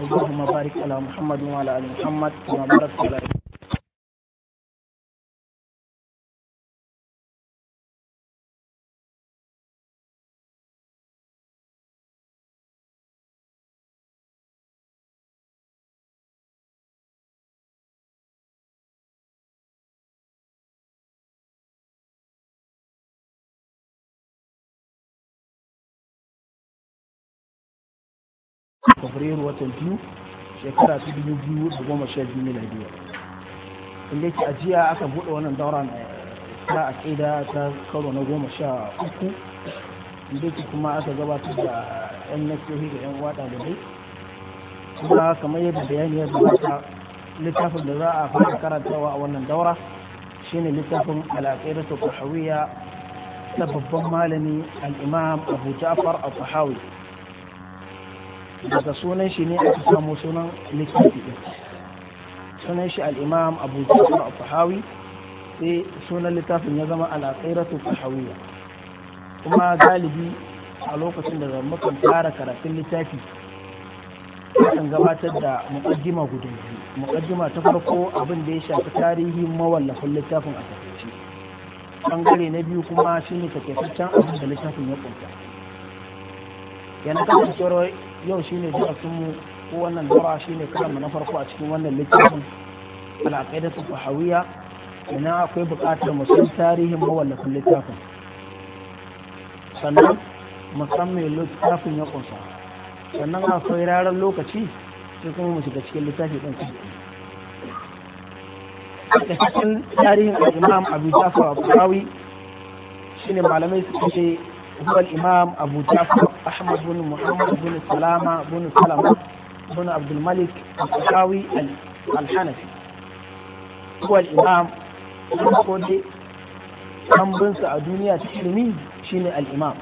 اللهم بارك على محمد وعلى ال محمد كما باركت على fabrairu watan biyu shekara ta dubu biyu da goma sha biyu miladiya inda yake ajiya aka buɗe wannan dauran eh, ta aƙida ta karo na goma sha uku inda yake kuma aka gabatar da yan nasihohi da yan wada da dai kuma kamar yadda bayani ya gabata littafin da za a fara karantawa a wannan daura shine littafin al'aqidatu tahawiyya na babban malami al-imam Abu Ja'far al-Tahawi daga sunan shi ne aka samu sunan likiti ɗin sunan shi al'imam abu jafar fahawi sai sunan littafin ya zama al'aƙairatu fahawiya kuma galibi a lokacin da mukan fara karatun littafi kan gabatar da muƙaddima guda biyu muƙaddima ta farko abin da ya shafi tarihin mawallafin littafin a takaice ɓangare na biyu kuma shine takaitaccen abin da littafin ya kunta yana kasancewar yau shi shine mu ko wannan shi ne karanmu na farko a cikin wannan littafin da al'aqidatu fahawiya ina akwai buƙatar mu san tarihin mawallafin littafin sannan musamman littafin ya kunsa sannan akwai rarar lokaci sai kuma mu shiga cikin littafi ɗin su da tarihin al'imam abu jafar abu shine malamai suka ce هو الإمام أبو جعفر أحمد بن محمد بن سلامة بن سلمة بن عبد الملك الطحاوي الحنفي هو الإمام kodai an a duniya ta ilimi shine al'imam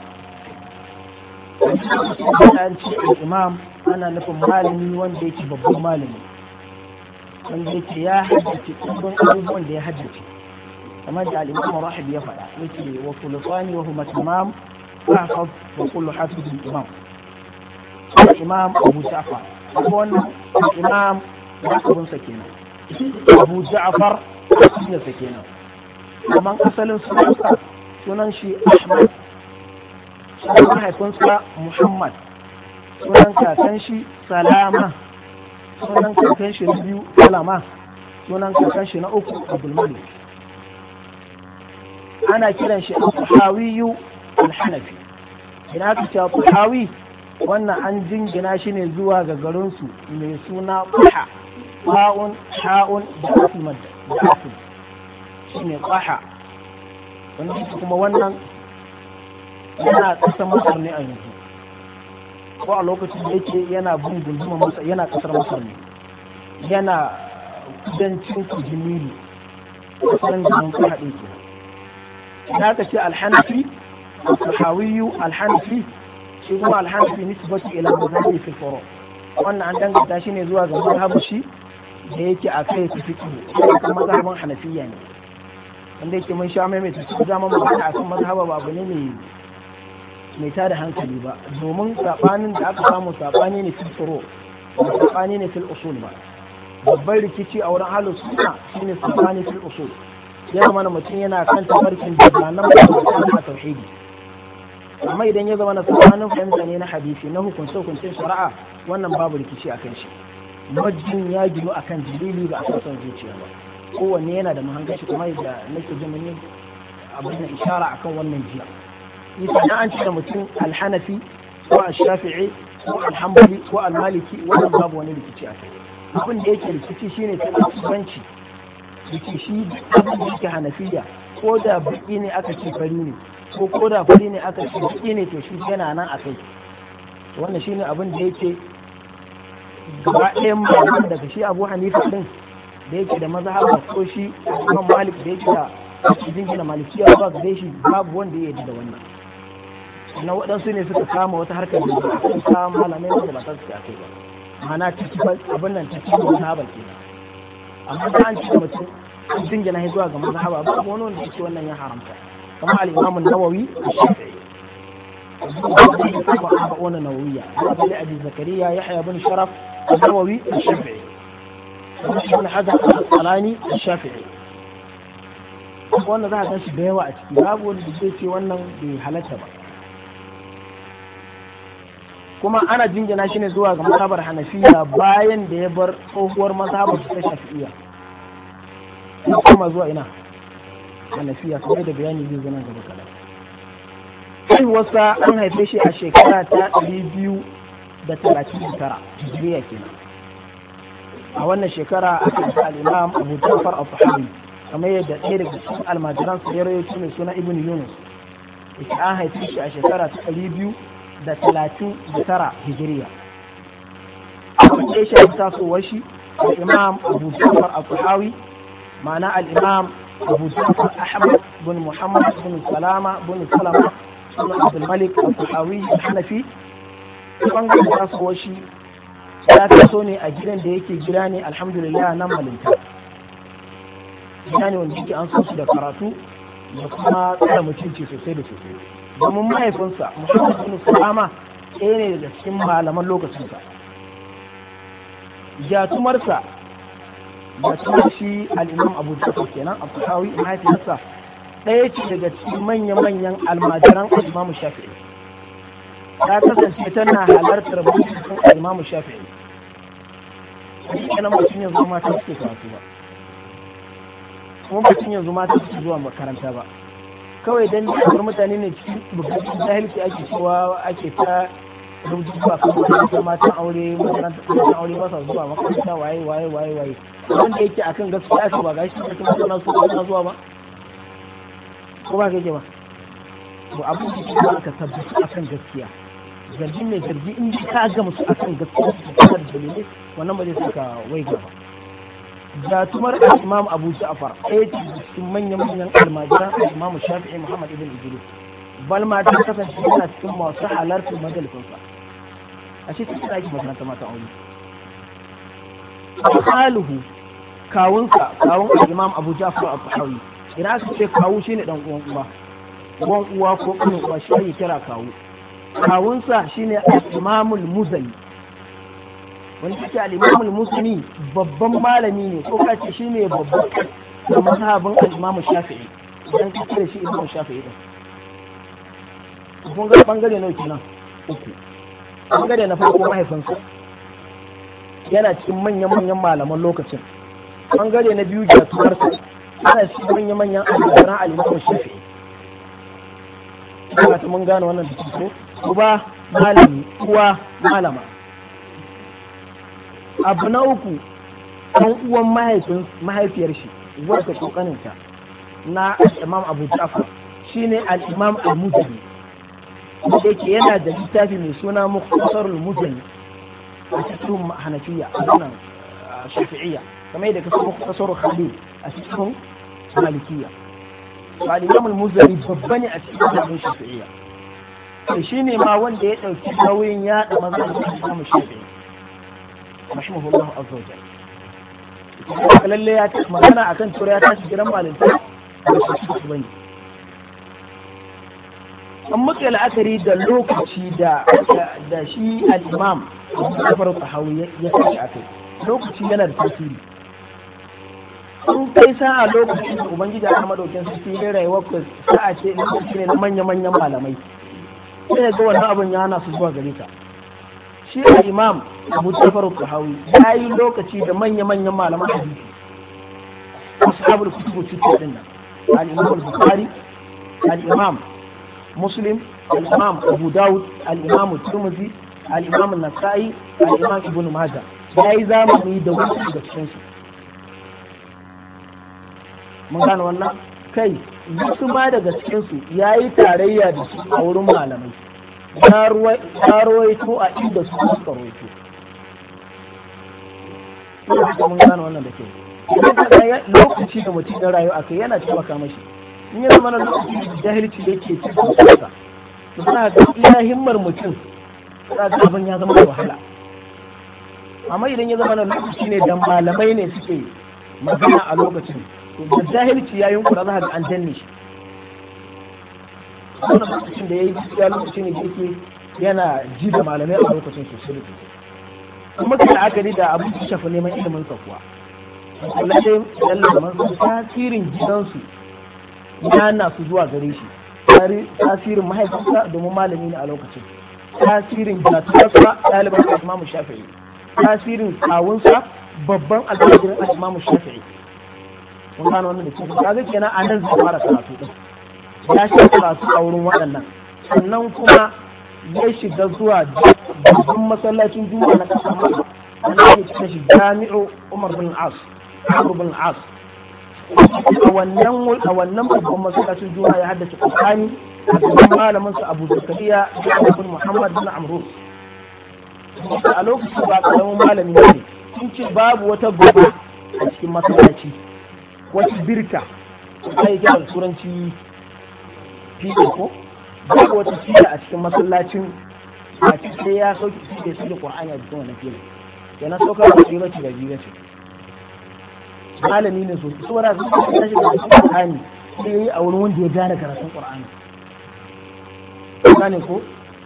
an al-imam ana nufin malami wanda yake babban malami wanda yake ya haddace ɗumbin abubuwan da ya haddace kamar da al'imam ya faɗa yake wa kulfani ahfaz wa kullu hafizin imam imam abu ja'far kuma wannan imam nasabin sa kenan abu ja'far sunan sa kenan kuma asalin sunansa sunan shi ahmad sunan mahaifinsa muhammad sunan kakan shi salama sunan kakan shi na biyu salama sunan kakan shi na uku abdulmalik ana kiran shi al-hawiyu al-hanafi ina ka cewa hawi wannan an jingina shi ne zuwa ga garinsu mai suna kwaha ba'un sha'un da asul da asim shi ne kuha wanda kuma wannan yana ƙasar masar ne a yanzu ko a lokacin da yake yana bin gunduma masa yana ƙasar masar ne yana kudancin kujimiri ƙasar da mun kuɗaɗe ke na ka ce alhanafi الصحاوي الحنفي shi kuma alhamdu nisbatu ila mazhabi fil furu wannan an danganta shi ne zuwa ga mazhabu shi da yake a kai ta fiki kan mazhabin hanafiya ne wanda yake mun sha mai ta zama magana akan mazhaba ba abu ne mai mai tada hankali ba domin sabanin da aka samu sabani ne fil furu ba sabani ne fil usul ba babban rikici a wurin halin suna shine sabani fil usul ya mana mutum yana kan tafarkin da ba nan ba da tauhidi amma idan ya zama na sabanin fahimta ne na hadisi na hukunce hukuncin shari'a wannan babu rikici a kan shi majin ya gino a kan jirili ba a kan zuciya ba kowanne yana da mahangashi kuma kuma da nake jin mun na ishara akan wannan jiya isa na an ci da mutum alhanafi ko al-shafi'i ko alhambali ko almaliki maliki wannan babu wani rikici a kai abin da yake rikici shine kasuwanci rikici abin da yake hanafiya ko da baki ne aka ce fari ne ko ko da fari ne aka ce baki ne to shi yana nan a kai wannan shine abin da yake gaba ɗayan malaman daga shi Abu Hanifa din da yake da mazhaba ko shi Imam Malik da yake da gina malikiya ba ga shi babu wanda ya yarda da wannan na waɗansu ne suka kama wata harkar da ba sun kama malamai wanda ba su kai ba ma'ana cikin abin nan cikin haɓar ke amma da an ce mutum sun gina zuwa ga mazhaba ba wani wanda ce wannan ya haramta كما الإمام النووي الشافعي أربعون نووية هذا أبي زكريا يحيى بن شرف النووي الشافعي ابن حجر الأسقلاني الشافعي wannan za a san shi da yawa a ciki babu wanda zai ce wannan bai halatta ba kuma ana jingina shi ne zuwa ga mazhabar hanafiya bayan da ya bar tsohuwar mazhabar ta shafi'iyya kuma zuwa ina hanafiya kamar da bayani zai zama gaba kaɗan haihuwarsa an haife shi a shekara ta ɗari biyu da talatin da tara hijiriya kenan a wannan shekara aka yi al'imam abu jafar a sahabi kamar yadda ɗaya daga cikin almajiran su ya rayu mai suna ibn yunus ita an haife shi a shekara ta ɗari biyu da talatin da tara hijiriya a kwace shi a tasowar shi al'imam abu jafar a sahawi ma'ana al'imam أبو جعفر أحمد بن محمد بن سلامة بن سلمة بن عبد الملك الطحاوي الحنفي ɓangaren tasowar shi ya taso ne a gidan da yake gida ne alhamdulillah nan malinta gida ne wanda yake an so su da karatu da kuma tsara mutunci sosai da sosai domin mahaifinsa muhammad bin salama ɗaya ne daga cikin malaman lokacinsa jatumarsa da kuma shi al'imam abu jafar kenan a kusawi mahaifiyarsa ɗaya ce daga cikin manya-manyan almajiran al'imam shafi'i ta kasance tana halartar binciken al'imam shafi'i kenan mutum yanzu mata suke karatu ba kuma mutum yanzu mata suke zuwa makaranta ba kawai dan jami'ar mutane ne cikin babban jahilci ake cewa ake ta duk zuwa kan matan aure matan aure ba sa zuwa makaranta waye waye waye waye wanda yake akan gaskiya shi ba gashi da kuma suna su kuma zuwa ba ko ba kake ba to abin da ke ba ka tabbata akan gaskiya zargi ne zargi in ka ga musu akan gaskiya su kuma da dalilai wannan ba zai saka wai gaba da tumar imam abu ja'far ɗaya cikin manyan manyan almajiran imam shafi'i muhammad ibn idris bal ma ta kasance tana cikin masu halartar majalisinsa a shi cikin aiki nata mata aure alhu kawunsa kawun imam abu jafar al-tahawi idan aka ce kawu shine dan uwan uwa uwan uwa ko kanin uwa shi ne kira kawu kawunsa shi ne imamul muzani wani kake al-imamul muzani babban malami ne ko kace ne babban da mazhabin al shafi'i idan da shi imamul shafi'i din kun ga bangare nawa kenan uku bangare na farko mahaifinsa yana cikin manyan manyan malaman lokacin bangare na biyu jatuwarsa yana cikin manyan manyan alƙaran alimakon shafi ina ta mun gane wannan da ko uba malami uwa malama abu na uku ɗan uwan mahaifin mahaifiyar shi wanda kokaninta na al-imam abu ja'far shine al-imam al-mujabi da yake yana da littafi mai suna mukhtasarul muzani a cikin hanafiya a wannan shafi'iyya kamar yadda kasu mukhtasarul khalil a cikin malikiya to al-imam al-muzani babba ne a cikin hanafiya shafi'iyya to ne ma wanda ya dauki nauyin yada mazhabin imam shafi'i rahimahullah azza wa jalla lalle ya ta magana akan tura ya tashi gidan malinta ba su bane an muka la'akari da lokaci da da shi al-imam farauta Tahawi ya saki a kai lokaci yana da tasiri in kai sa'a lokacin da ubangiji Allah su fi ya rayuwa ku a ce lokaci ne na manya-manyan malamai sai ga wannan abin ya hana su zuwa gare ka shi al-imam Abu farauta Tahawi ya yi lokaci da manya-manyan malaman hadisi ashabul kutub da din nan al-imam al-bukhari al-imam muslim al-imam abu dawud al-imam tirmidhi al-imam an-nasa'i al-imam ibn yayi zamani da wasu da cikin mun gane wannan kai wasu ma daga cikinsu su yayi tarayya da su a wurin malamai ya ruwaito a inda su suka ruwaito mun gane wannan da kyau lokaci da mutum ya rayu a kai yana taimaka mashi in ya zama na lokacin jahilci da ke cikin kansa to suna ga iya himmar mutum suna ga abin ya zama da wahala amma idan ya zama na lokaci ne da malamai ne suke magana a lokacin to da jahilci ya yunkura za ga an danne shi wannan lokacin da ya yi ya lokacin ne da yake yana ji da malamai a lokacin sosai da sosai kuma ka la'akari da abin shafa neman ilimin sa kuwa Allah dai lallama tasirin gidansu Ya na su zuwa gare shi tasirin mahaifinsa domin malami ne a lokacin tasirin jatuwarsa ɗaliban al'imamu shafi'i tasirin kawunsa babban alfajirin al'imamu shafi'i Mun gano wannan da cikin kaga kenan a nan zai fara karatu ya shi karatu a wurin waɗannan sannan kuma ya shiga zuwa babban masallacin juma'a na kasar mai wanda ya shiga jami'u umar bin as umar bin as a wannan a wannan babban masallacin juma'a ya haddace Qur'ani a cikin malamin su Abu Zakariya bin Muhammad bin Amru a lokacin ba karamin malami ne sun ce babu wata gobe a cikin masallaci wata birka ta yi da turanci fiye ko babu wata fiye a cikin masallacin a cikin ya sauƙi fiye su da Qur'ani a cikin wannan fiye yana saukar da fiye da fiye malami ne sosai saboda su suka tashi da cikin Qur'ani sai yayi a wurin wanda ya gane karatun Qur'ani gane ko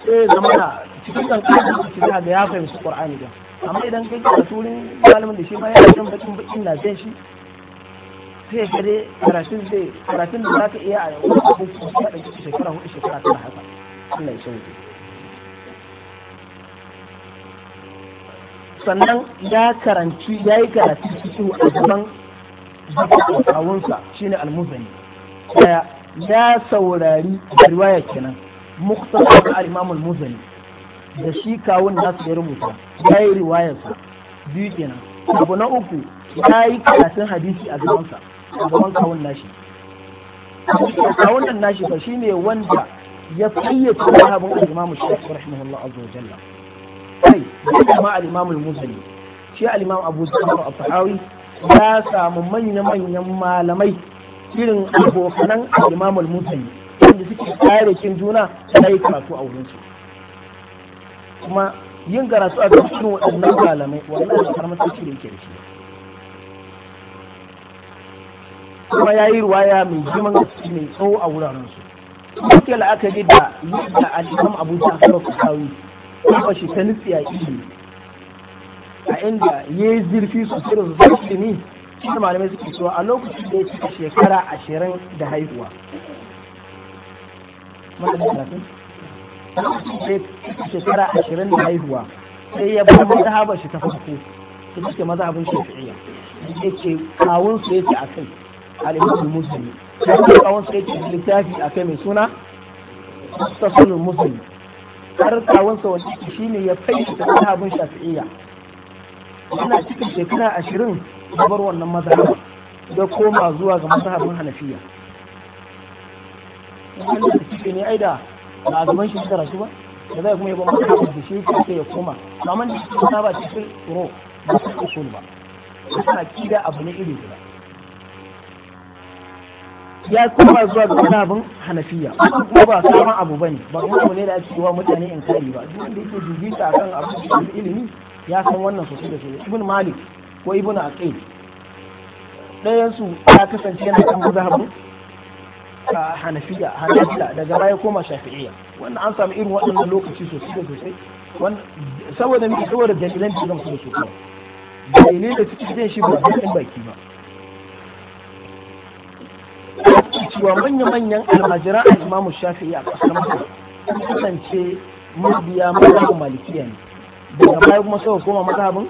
sai zama na cikin kankan da za ga ya fahimci Qur'ani da amma idan kai ka wurin malamin da shi ma ya san bakin bakin na zai shi sai ka dai karatun zai karatun da za ka iya a wani abu ko ka ɗauki shekara hudu shekara tana haka Allah ya sauke sannan ya karanci ya yi karatu cikin a gaban kawunsa shine almuzani. muzani daya ya saurari riwaya kenan muktasar al-imam muzani da shi kawun nasu ya rubuta ya yi riwayarsa biyu kenan abu na uku ya yi karatun hadisi a gabansa a gaban kawun nashi kawun nan nashi fa shine wanda ya fayyace mazhabin al-imam shafi rahimahullah azza wa jalla kai ma al muzani shi al-imam abu zafar al-tahawi ya samu manya-manyan malamai irin abokanan imamul Mutane, wanda suke tsarikin juna da yi karatu a wurinsu kuma yin karatu a cikin waɗannan malamai wannan da karamar tsaki da yake da shi kuma ya yi ruwaya mai jiman gaske mai tsawo a wuraren kuma suke la'akari da yadda al'imam abuja haɓar kusawi kuma shi ta nufi a ilimi a inda ya yi zirfi sosai da zafi ne shi da malamai suke cewa a lokacin da ya cika shekara ashirin da haihuwa shekara ashirin da haihuwa sai ya bar mazhabar shi ta farko ta cike mazhabin shafi'iyya ya ce kawun su yake a kai al'imamul musulmi ya ce kawun su yake littafi a kai mai suna mustasulul musulmi har kawun sa wanda shi ne ya fayyace mazhabin shafi'iyya yana cikin shekara ashirin da bar wannan mazhab da koma zuwa ga mazhabin hanafiya wannan da kike ne aida da azaman shi da rasu ba da zai kuma yaba mazhabin da shi kake ya koma amma da shi ta ba cikin ro ba su usul ba suna kida abu ne iri guda ya koma zuwa ga mazhabin hanafiya ko ba sama abu bane ba kuma ne da ake cewa mutane in kari ba duk da yake bibita akan abu ilimi ya san wannan sosai da sosai ibn malik ko ibn aqil ɗayan su ya kasance yana kan mazhabu a hanafiya hanafiya daga baya koma shafi'iyya wannan an samu irin waɗannan lokaci sosai da sosai saboda miki saboda dalilan da gamsu da sosai dalilin da suke jin shi ba da baki ba cewa manya-manyan almajira a imamu shafi'i a ƙasar masu kasance mabiya mazhabu malikiya ne daga baya kuma suka koma mazhabin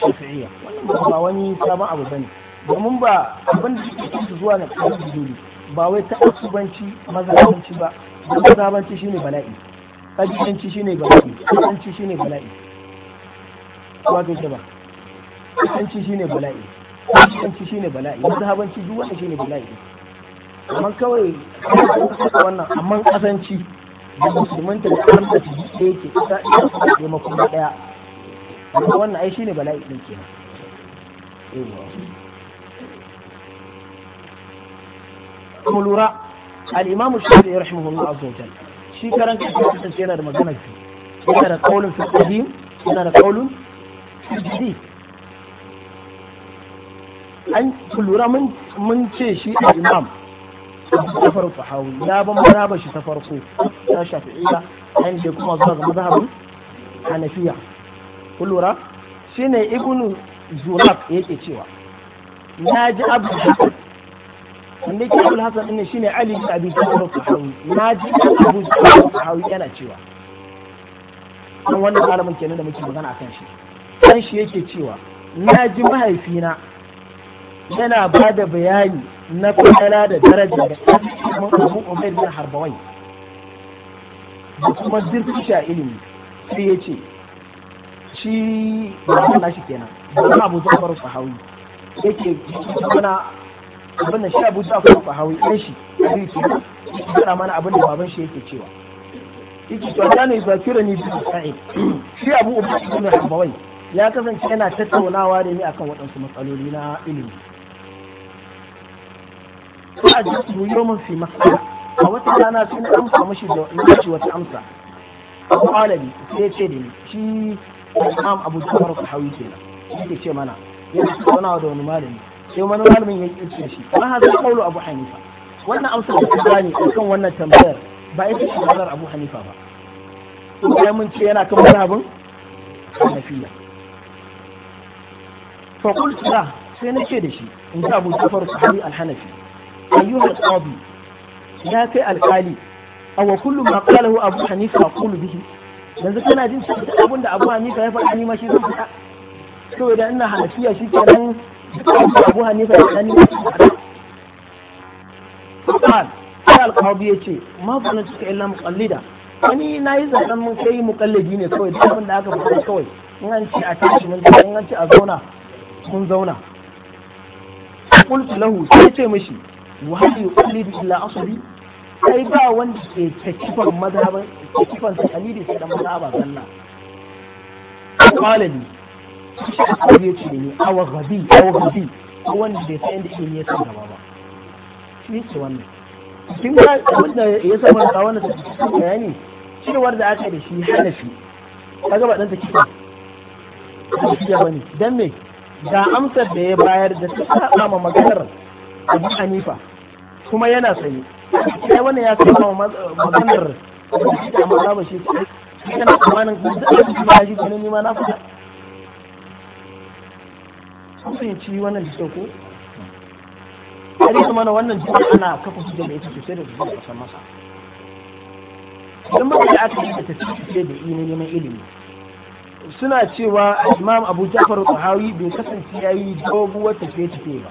shafi'iyya wannan ba wani sabon abu bane domin ba abin da suke su zuwa na kawai dole ba wai ta asubanci mazhabanci ba don mazhabanci shine bala'i kajiyanci shine bala'i kajiyanci shine bala'i wato ce ba kajiyanci shine bala'i kajiyanci shine bala'i mazhabanci duk wanda shine bala'i amma kawai wannan amma kasanci da musulmanta da da su ji ke kusa ina su da taimakon ɗaya amma wannan ai shine bala'i din ke mu lura al-imamu shafi'i rahimahullah azza wajal shi karan kansa yana da magana fi yana da kaulin fi qadim yana da kaulin fi jadid an lura mun ce shi al-imam kafar fahawi ya ban mazhabar shi ta farko ta shafi'iyya yan da kuma zuwa ga mazhabin hanafiya ku lura shine ibnu zulab yake cewa na ji abu wanda yake abu hasan din shine ali bin abi talib fahawi na ji abu fahawi yana cewa dan wannan malamin kenan da muke magana akan shi kan shi yake cewa na ji mahaifina yana ba da bayani na kwana da daraja da kuma abu umar bin harbawai da kuma zirfi sha ilimi sai ya ce shi da kuma nashi kenan ba abu jafar sahawi yake mana abin da shi abu jafar sahawi ɗan shi zai ke yana mana abin da baban shi yake cewa yake cewa ya ne zakira ni bi sa'id shi abu umar bin harbawai ya kasance yana tattaunawa da ni akan waɗansu matsaloli na ilimi a fa ajabtu min fi mas'ala a wata rana sun amsa mashi da nashi wata amsa abu alabi sai ya ce da ni shi imam abu ke sahawi kenan yake ce mana yana tsaunawa da wani malami sai wani malamin ya kirce shi ma haza kaulu abu hanifa wannan amsa da ta bani kan wannan tambayar ba ita shi maganar abu hanifa ba Su ya mun ce yana kan mazhabin hanafiya fa qultu la sai na ce da shi in ji abu jafar sahawi al-hanafi ayyuhal qadi ya kai alkali aw kullu ma qalahu abu hanifa aqulu bihi yanzu kana jin cikin abin da abu hanifa ya faɗa ni ma shi zan faɗa to idan ina hanafiya shi kenan abu hanifa ya faɗa ni ma shi zan faɗa قال قال القاضي يجي ما فعلتك الا مقلدا wani na yi zaɓen mun kai mukallidi ne kawai duk abin da aka faɗa kawai in an ce a tashi mun in an ce a zauna mun zauna qultu lahu sai ce mishi wa hal yuqallidu illa asli sai ba wanda ke takifan madhaban takifan sa kalidi sai dan madhaba sallah qala li sai ya ce ni awa ghabi awa ghabi wanda bai san inda ke ne san gaba ba shi ce wannan kin ga wanda ya saba da wannan bayani cewar da aka da shi hanafi kaga ba dan takifa ba ne dan me ga amsar da ya bayar da ta saba ma maganar abu hanifa kuma yana sani sai wannan ya kama maganar da maza ba shi kana tsammanin da ba shi ne nima na fada sun fahimci wannan jiki ko kuma mana wannan jiki ana kafa su da ita sosai da zuwa san masa don ba da aka yi da tafiye da ina neman ilimi suna cewa imam abu jafar tsahawi bai kasance ya yi doguwar tafiye-tafiye ba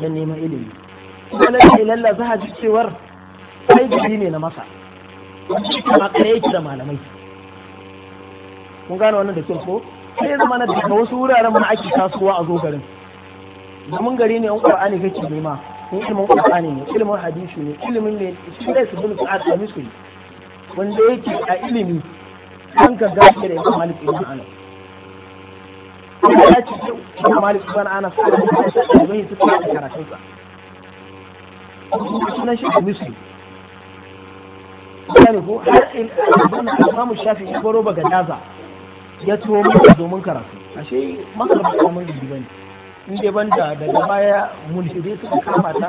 don neman ilimi kuma na ilalla za a ji cewar kai gari ne na masa kuma kai yake da malamai kun gane wannan da kyau ko sai zama na daga wasu wuraren ma ake kasuwa a zo garin domin gari ne yan qur'ani kake nema in ilimin qur'ani ne ilimin hadisi ne ilimin ne shi da su bin sa'ad ne? wanda yake a ilimi an ka gafe da ya malik ibn anas ya ce shi malik ibn anas zai su ta karatun sa sunan shi muslim yani ko har in imamu shafi ya baro baga daza ya tuwo masa domin karatu ashe makalba ko mun gidi bane in dai banda daga baya mulhidai suka kama ta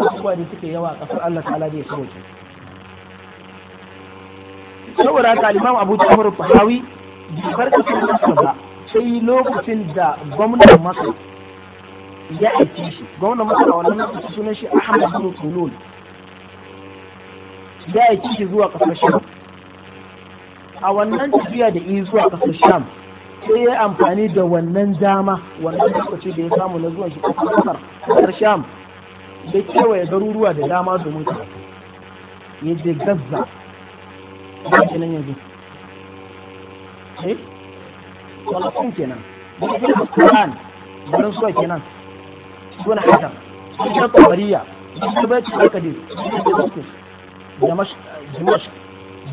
abubuwa da suke yawa a kasar Allah ta'ala da ya sauke saboda haka al-imam Abu Ja'far al-Bahawi bai farka sun ba sai lokacin da gwamnan masar ya aiki shi gwamnan masar a wannan masu sunan shi ahmad bin tulun ya aiki shi zuwa kasar sham a wannan tafiya da yi zuwa kasar sham sai ya amfani da wannan dama wannan lokaci da ya samu na zuwa shi kasar kasar sham da kewaye garuruwa da dama domin karatu ya je gaza ba kenan yanzu eh? tsallafin kenan daga da Qur'an garin suwa kenan suna hajar cikin tabariya cikin bai cikin kadir cikin dimash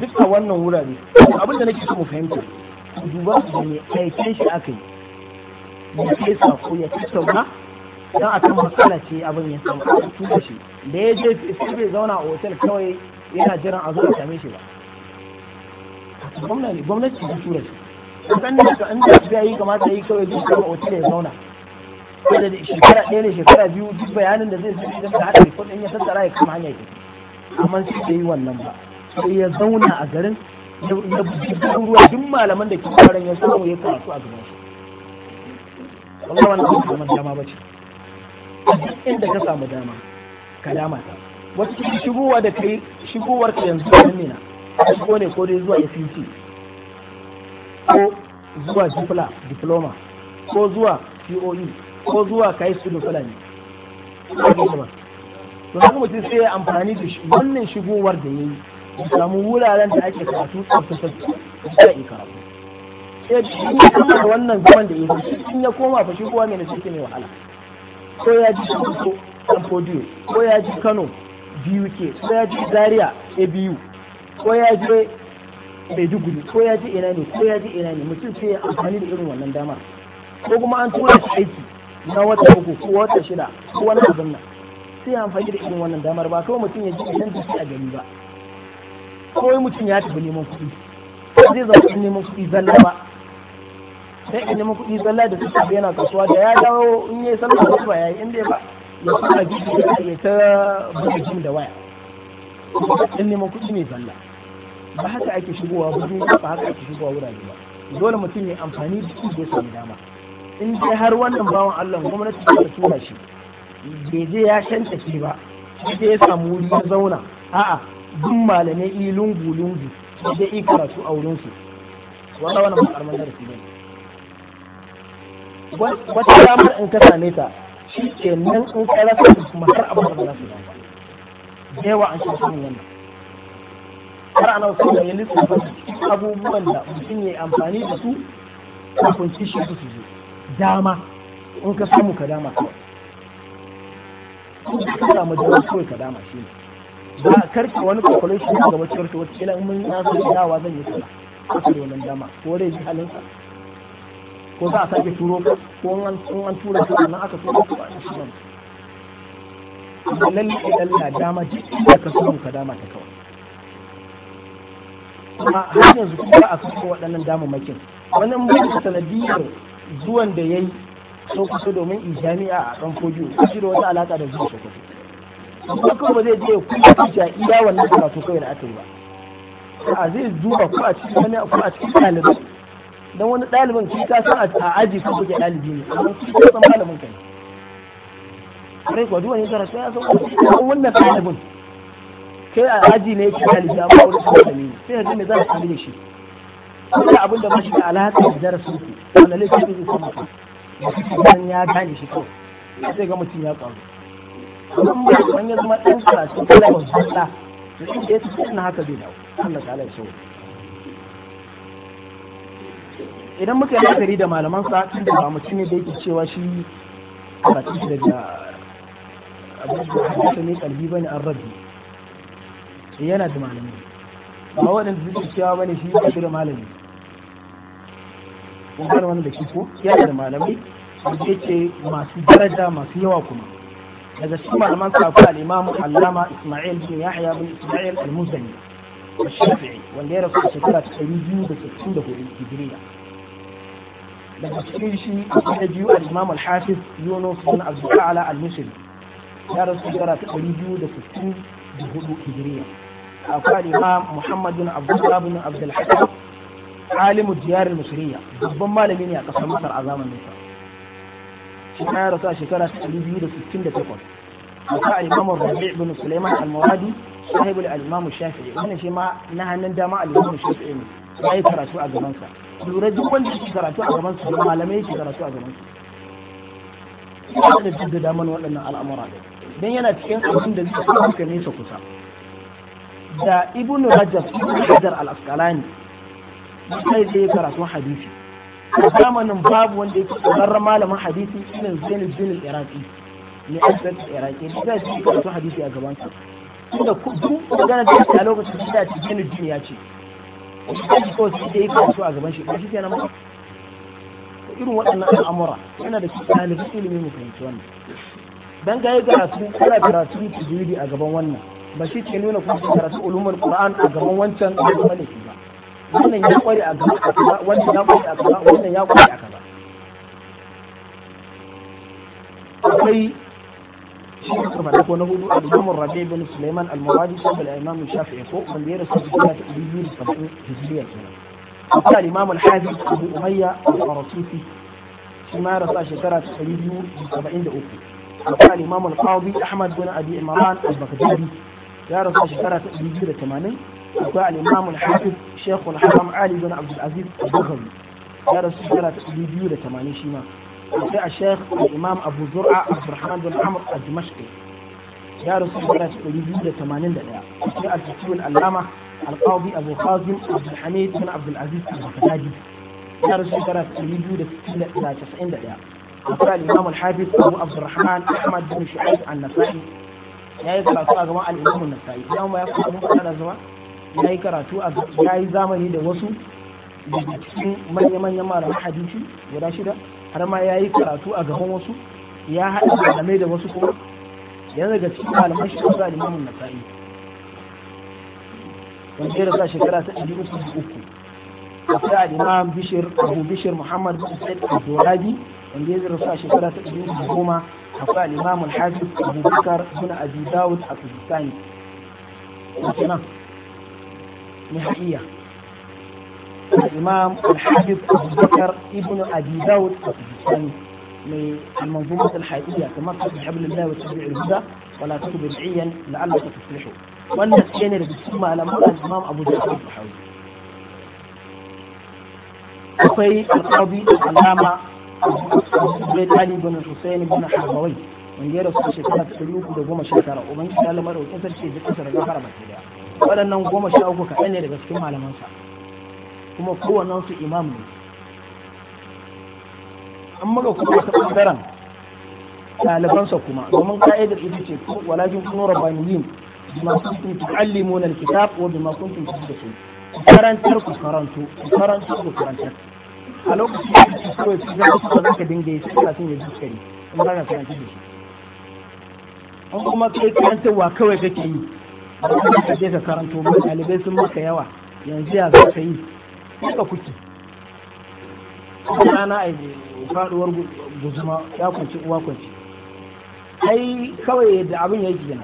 duka wannan wurare abin da nake so mu fahimta duba da me aikin shi aka yi ya kai sako ya tattauna don a kan matsala ce abin ya samu a tuba shi da ya je sai bai zauna a otal kawai yana jiran a zo a same shi ba gwamnati ta tura san da to an da tafiya yi kamata yi kawai duk kama otel ya zauna da shekara ɗaya ne shekara biyu duk bayanin da zai zai idan da haɗa rikon ɗin ya tattara ya kama hanya ke amma sai da yi wannan ba sai ya zauna a garin ya buɗe ruwa duk malaman da ke kwaran ya samu ya karatu a gaban shi Allah wannan ba kamar dama ba ce duk inda ka samu dama ka dama ta wata shigowa da kai shigowar ka yanzu a nan ne na ne ko dai zuwa ya fi ko zuwa jifla diploma ko zuwa coe ko zuwa kai student fulani to haka mutum sai ya amfani da wannan shigowar da ya yi da samu wuraren da ake karatu tsaftatattu da yi karatu sai shi ya wannan zaman da ya yi in ya koma fa shigowa mai nasi mai wahala ko ya ji sokoto kan podiyo ko ya ji kano biyu ke ko ya ji zaria a biyu ko ya je gudu ko ya je ina ne ko ya je ina ne mutum sai ya amfani da irin wannan damar ko kuma an tura shi aiki na wata uku ko wata shida ko wani abin nan sai ya amfani da irin wannan damar ba ko mutum ya ji idan ta a gari ba ko mutum ya tafi neman kuɗi ko zai zama zaɓi neman kuɗi zalla ba sai in neman kuɗi zalla da suka yana kasuwa da ya dawo in ya yi sallah ba ya yi inda ba ya a gidi ya ta buga jim da waya in neman kuɗi ne zalla ba haka ake shigowa budu ba haka ake shigowa wurare ba dole mutum ya amfani da shi da sami dama in dai har wannan bawan Allah gwamnati ta tura shi bai je ya shanta shi ba sai ya samu wuri ya zauna a'a duk malamai i lungu lungu dai i karatu a wurin su wanda wannan ba karman darasi ne. wata damar in ka same ta shi ke nan in ka rasa kuma har abin da za su dawo da yawa an shi samun wannan har ana so ya lissafa abubuwan da mutum ya amfani da su kafin kishi su su zo dama in ka samu ka dama kawai in ka samu dama kawai ka dama shi ne ba karki wani calculation ga wacce ta wacce kila mun na so dawa zan yi sallah kasar wannan dama ko dai ji halinsa ko za a sake turo ka ko an tura ka nan aka turo ka ba a shi ba lalle idan dama duk da ka samu ka dama ta kawai kuma har yanzu kuma a kusa waɗannan damammakin wannan mutum sanadiyar zuwan da ya yi kusa domin in jami'a a ɗan fodiyo ko shi da wata alaƙa da zuwa sokoto kuma kawai ba zai je kuma kuja iya wannan karatu kawai da aka yi ba a zai duba ko a cikin wani ko a cikin ɗaliban dan wani ɗaliban shi ka san a aji ko kuke ɗalibi ne amma shi ka san malamin kai rai kwa duwan ya karatu ya san wannan ɗalibin sai a haji ne yake dalibi amma wurin su da ne sai yanzu me za su da shi kuma abin da ba shi da alaƙa da darasin ku wanda laifin zai zai mutu da kike san ya gane shi kawai sai ga mutum ya ƙaru kuma ba su ya zama ɗan karatu ko da wasu da to shi da na haka zai dawo Allah ta'ala ya sauya idan muka yi la'akari da malaman sa tun da ba mutum ne da yake cewa shi karatun da abin da hadisa ne kalbi bane an rabi yana da malami ba waɗanda suke cewa bane shi ba da malami kun gane wannan da shi ko yana da malamai wanda ce masu daraja masu yawa kuma daga cikin malaman sa akwai al-Imam Allama Isma'il bin Yahya bin Isma'il al-Muzani shafii wanda ya rasu a shekara ta hudu Hijriya daga cikin shi da biyu al-Imam al-Hafiz Yunus bin Abdul Ala al-Misri ya rasu shekara ta 264 Hijriya akwai al'imam muhammad bin abdullah bin abdul hakim alimu diyar musuriya babban malami ne a kasar masar a zamanin sa shi ya rasu a shekara ta 268 akwai al'imam rabi' bin sulaiman al-mawadi sahibul al-imam shafi'i wannan shi ma na hannun dama al-imam shafi'i karatu a gaban sa lura duk wanda karatu a gaban sa malamai yake karatu a gaban sa da duk da waɗannan al'amura don yana cikin abin da zai kuma nesa kusa da Ibn rajab ibn hajar al-asqalani sai da ya karatu hadisi a zamanin babu wanda yake tsoron malamin hadisi shine zain al-iraqi ne asbat al-iraqi da shi karatu hadisi a gaban sa kuma duk magana da a lokacin da ta zainuddin ya ce shi ko sai dai karatu a gaban shi shi kenan ba irin waɗannan al'amura yana da cikin ɗalibin ilimin mu fahimci wannan dan ga yaga su kana karatu tijiri a gaban wannan ba shi ke nuna kuma karatu ulumul qur'an a gaban wancan da ba ne ba wannan ya kware a gaban kaza wannan ya kware a kaza wannan ya kware a kaza akwai shi ne kuma da na hudu al-Imam Rabi' bin Sulaiman al-Muradi sabbal Imam Shafi'i ko wanda ya rasu da ta biyu da saba'in hijriya kenan akwai al-Imam al-Hafiz Abu Umayya al-Qarasufi shi ma rasu a shekara ta 273 akwai al-Imam al-Qadi Ahmad bin Abi Imran al-Baghdadi ya rasu shekara ta 280 akwai al-imam al-hafiz shaykh al-haram ali bin abdul aziz al-bukhari ya rasu shekara ta da tamanin shi ma akwai a shaykh al-imam abu zur'a abdurrahman bin amr al-dimashqi ya rasu shekara ta da da tamanin 281 akwai al-fatih al-allama al-qadi abu khazim abdul hamid bin abdul aziz al-baghdadi ya rasu shekara ta da da 291 akwai al-imam al-hafiz abu abdurrahman ahmad bin shu'aib an-nasa'i ya yi karatu a gaban al'imamun nasa'i idan ma ya kuma mun faɗa da zama ya yi karatu a ya yi zamani da wasu daga cikin manya-manyan malaman hadisi guda shida har ma ya yi karatu a gaban wasu ya haɗa malamai da wasu kuma ya daga cikin malaman shi kusa al'imamun nasa'i wanda ya rasa shekara ta ɗari uku da uku akwai al'imam bishir abu bishir muhammad bin al wanda ya rasu a shekara ta ɗari da goma akwai al'imamu al-hafiz abu bakar suna abi dawud الإمام الحافظ أبو بكر ابن أبي داود حفظ الثاني من المنظومة الحائية كما تقول بحبل الله وتبع الهدى ولا تكتب بدعيا لعلك تفلحوا وأن السيني اللي بتسمى على مولى الإمام أبو جعفر الطحاوي أخي القاضي العلامة zai tali bin husaini bin harbawai wanda ya rasu shekara ta ɗari uku da goma sha tara ubangiji da madaukakin sarki da kasar daga fara baki daya waɗannan goma sha uku kaɗan ne daga cikin malamansa kuma kowannen su imam ne an muka kuma ta ɓangaren ɗalibansa kuma domin ka'idar ita ce walakin kunu rabbaniyin bima kuntum tu'allimuna alkitab wa bima kuntum tadrusun karantar ku karanto ku karanto ku karantar a lokacin da kake so ya ci kuma za ka dinga yi su son sun yi kare in ba na karanta da shi an kuma kai kayan karantarwa kawai kake yi ba kuma ka je ka karanto ba ɗalibai sun maka yawa yanzu ya za ka yi Kuma kuke rana a faduwar guzuma ya kwanci uwa kwanci ai kawai yadda abin ya gina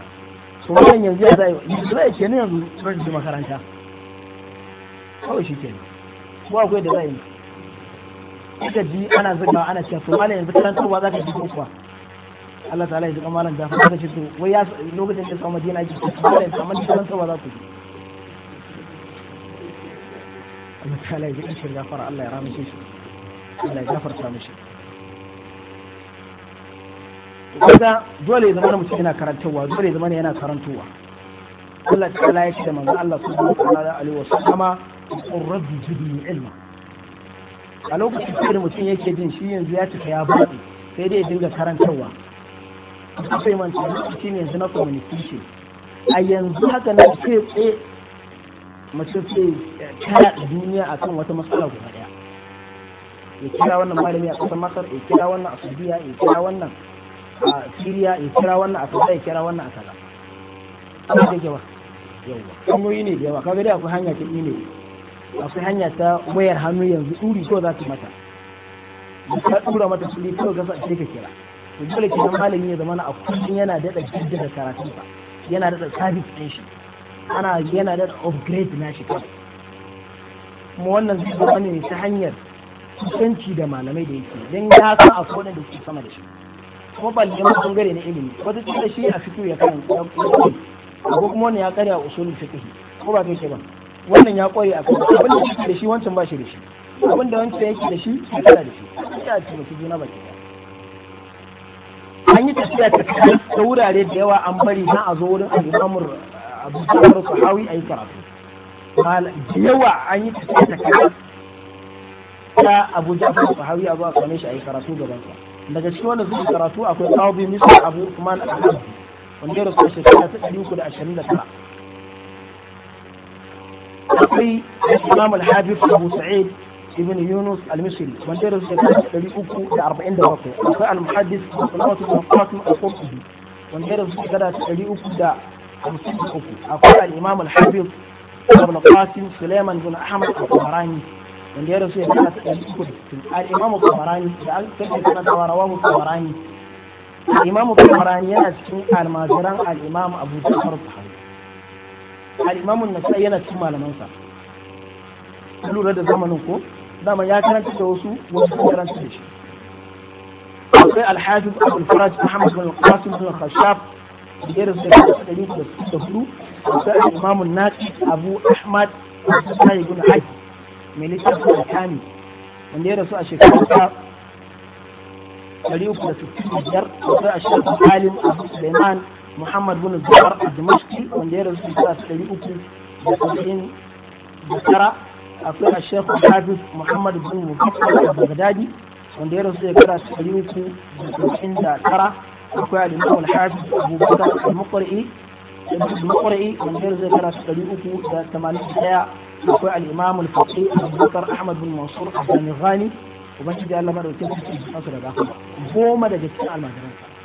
su wannan yanzu ya zai yanzu zai ke kenan yanzu rashin makaranta kawai shi ke kuma ba akwai da zai yi aka ji ana zugawa ana cewa to malam yanzu karantarwa za ka ji kuwa Allah ta'ala ya ji malam da fara ce to wai ya lokacin da sa Madina ji to malam yanzu amma karantarwa za ku ji Allah ta'ala ya zuga shi gafara Allah ya ramushe shi Allah ya gafarta mishi kaga dole ya zama mutum yana karantarwa dole ya zama yana karantarwa Allah ta'ala ya ce da manzo Allah sallallahu alaihi wa sallama qur rabbi zidni ilma a lokacin da mutum yake jin shi yanzu ya cika ya baɗi sai dai dinga karantarwa akwai a cikin yanzu na communication a yanzu haka na ce tse mutum kaya kara duniya akan wata matsala guda ɗaya ya kira wannan malami a ƙasar masar ya kira wannan a saudiya ya kira wannan a siriya ya kira wannan a kaza ya kira wannan a kaza an da yawa yawa hanyoyi ne da yawa kaga dai akwai hanya ta ne akwai hanya ta wayar hannu yanzu tsuri ko za ta mata ka ɗura mata tsuri kawai gasa a ka kira to dole kenan malami ya zama na a kullum yana daɗa gidda da karatunsa yana daɗa sabis ɗin shi ana yana daɗa upgrade na shi kawai kuma wannan zai zama ne ta hanyar kusanci da malamai da yake don ya san a kowane da suke sama da shi kuma ba liyan bangare na ilimi wata cikin shi a fito ya kan ya kuma wani ya karya usulun fiqh ko ba ta ba wannan ya kware a kan abin da yake da shi wancan ba shi da shi abin da wancan yake da shi shi kana da shi sai ci mutu juna baki an yi tafiya ta ta wurare da yawa an bari na a zo wurin al'amur abu sa'ar sahawi a yi karatu da yawa an yi tafiya ta ta abu ja'far sahawi a zuwa kame shi a yi karatu gaban sa daga cikin wanda suke karatu akwai qadi misr abu usman al-hamdi wanda ya rasu a shekara ta 329 akwai imam al-hafiz abu sa'id ibn yunus al-misri wanda da shekara ɗari uku da arba'in da bakwai akwai al-muhaddis salawatu da fatim al-qurtubi wanda da shekara ɗari uku da hamsin da uku akwai al-imam al-hafiz abu qasim suleiman bin ahmad al-qamarani wanda ya rasu ya ta ɗari uku da sittin al-imam al-qamarani da an tafi kana da rawahu al-qamarani al-imam al-qamarani yana cikin almajiran al-imam abu ja'far alimamun na sai yana cin malamansa ka lura da zamanin ko dama ya karanta da wasu wasu karanta da shi akwai al-hafiz abul faraj muhammad bin qasim bin khashab da ya rasu da dari da su akwai al-imamun naqi abu ahmad sai ibn haji mai littafin al-kani wanda ya rasu a shekarar dari uku da sittin da biyar akwai al-shaykh alim abu sulaiman muhammad bin zubar a dimashki wanda ya rasu shekara ta ɗari uku da saba'in da tara akwai a shekhu hafiz muhammad bin mufassar a bagdadi wanda ya rasu shekara ta ɗari uku da saba'in da tara akwai al-imam al-hafiz abubakar al-muqri'i al-muqri'i wanda ya rasu shekara ta ɗari uku da tamanin ɗaya akwai al-imam al-faqih abubakar ahmad bin mansur al-zamighani ubangiji Allah madaukakin sarki masu da gafara goma daga cikin almajiransa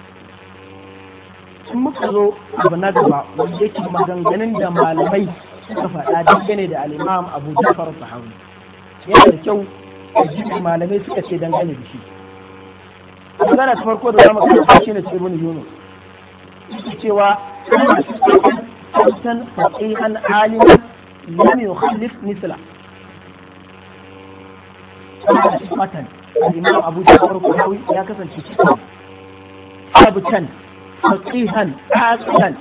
in muka zo abu na gaba wanda yake maganganun da malamai suka faɗa dangane da al'imam abu jafar sahawi yana da kyau a jikin malamai suka ce dangane da shi magana ta farko da zama kuma shi ne ce yuno yunus cewa kusan faqihan aliman lam yukhallif misla matan al-imam abu jafar sahawi ya kasance cikin abu can faqihan aqilan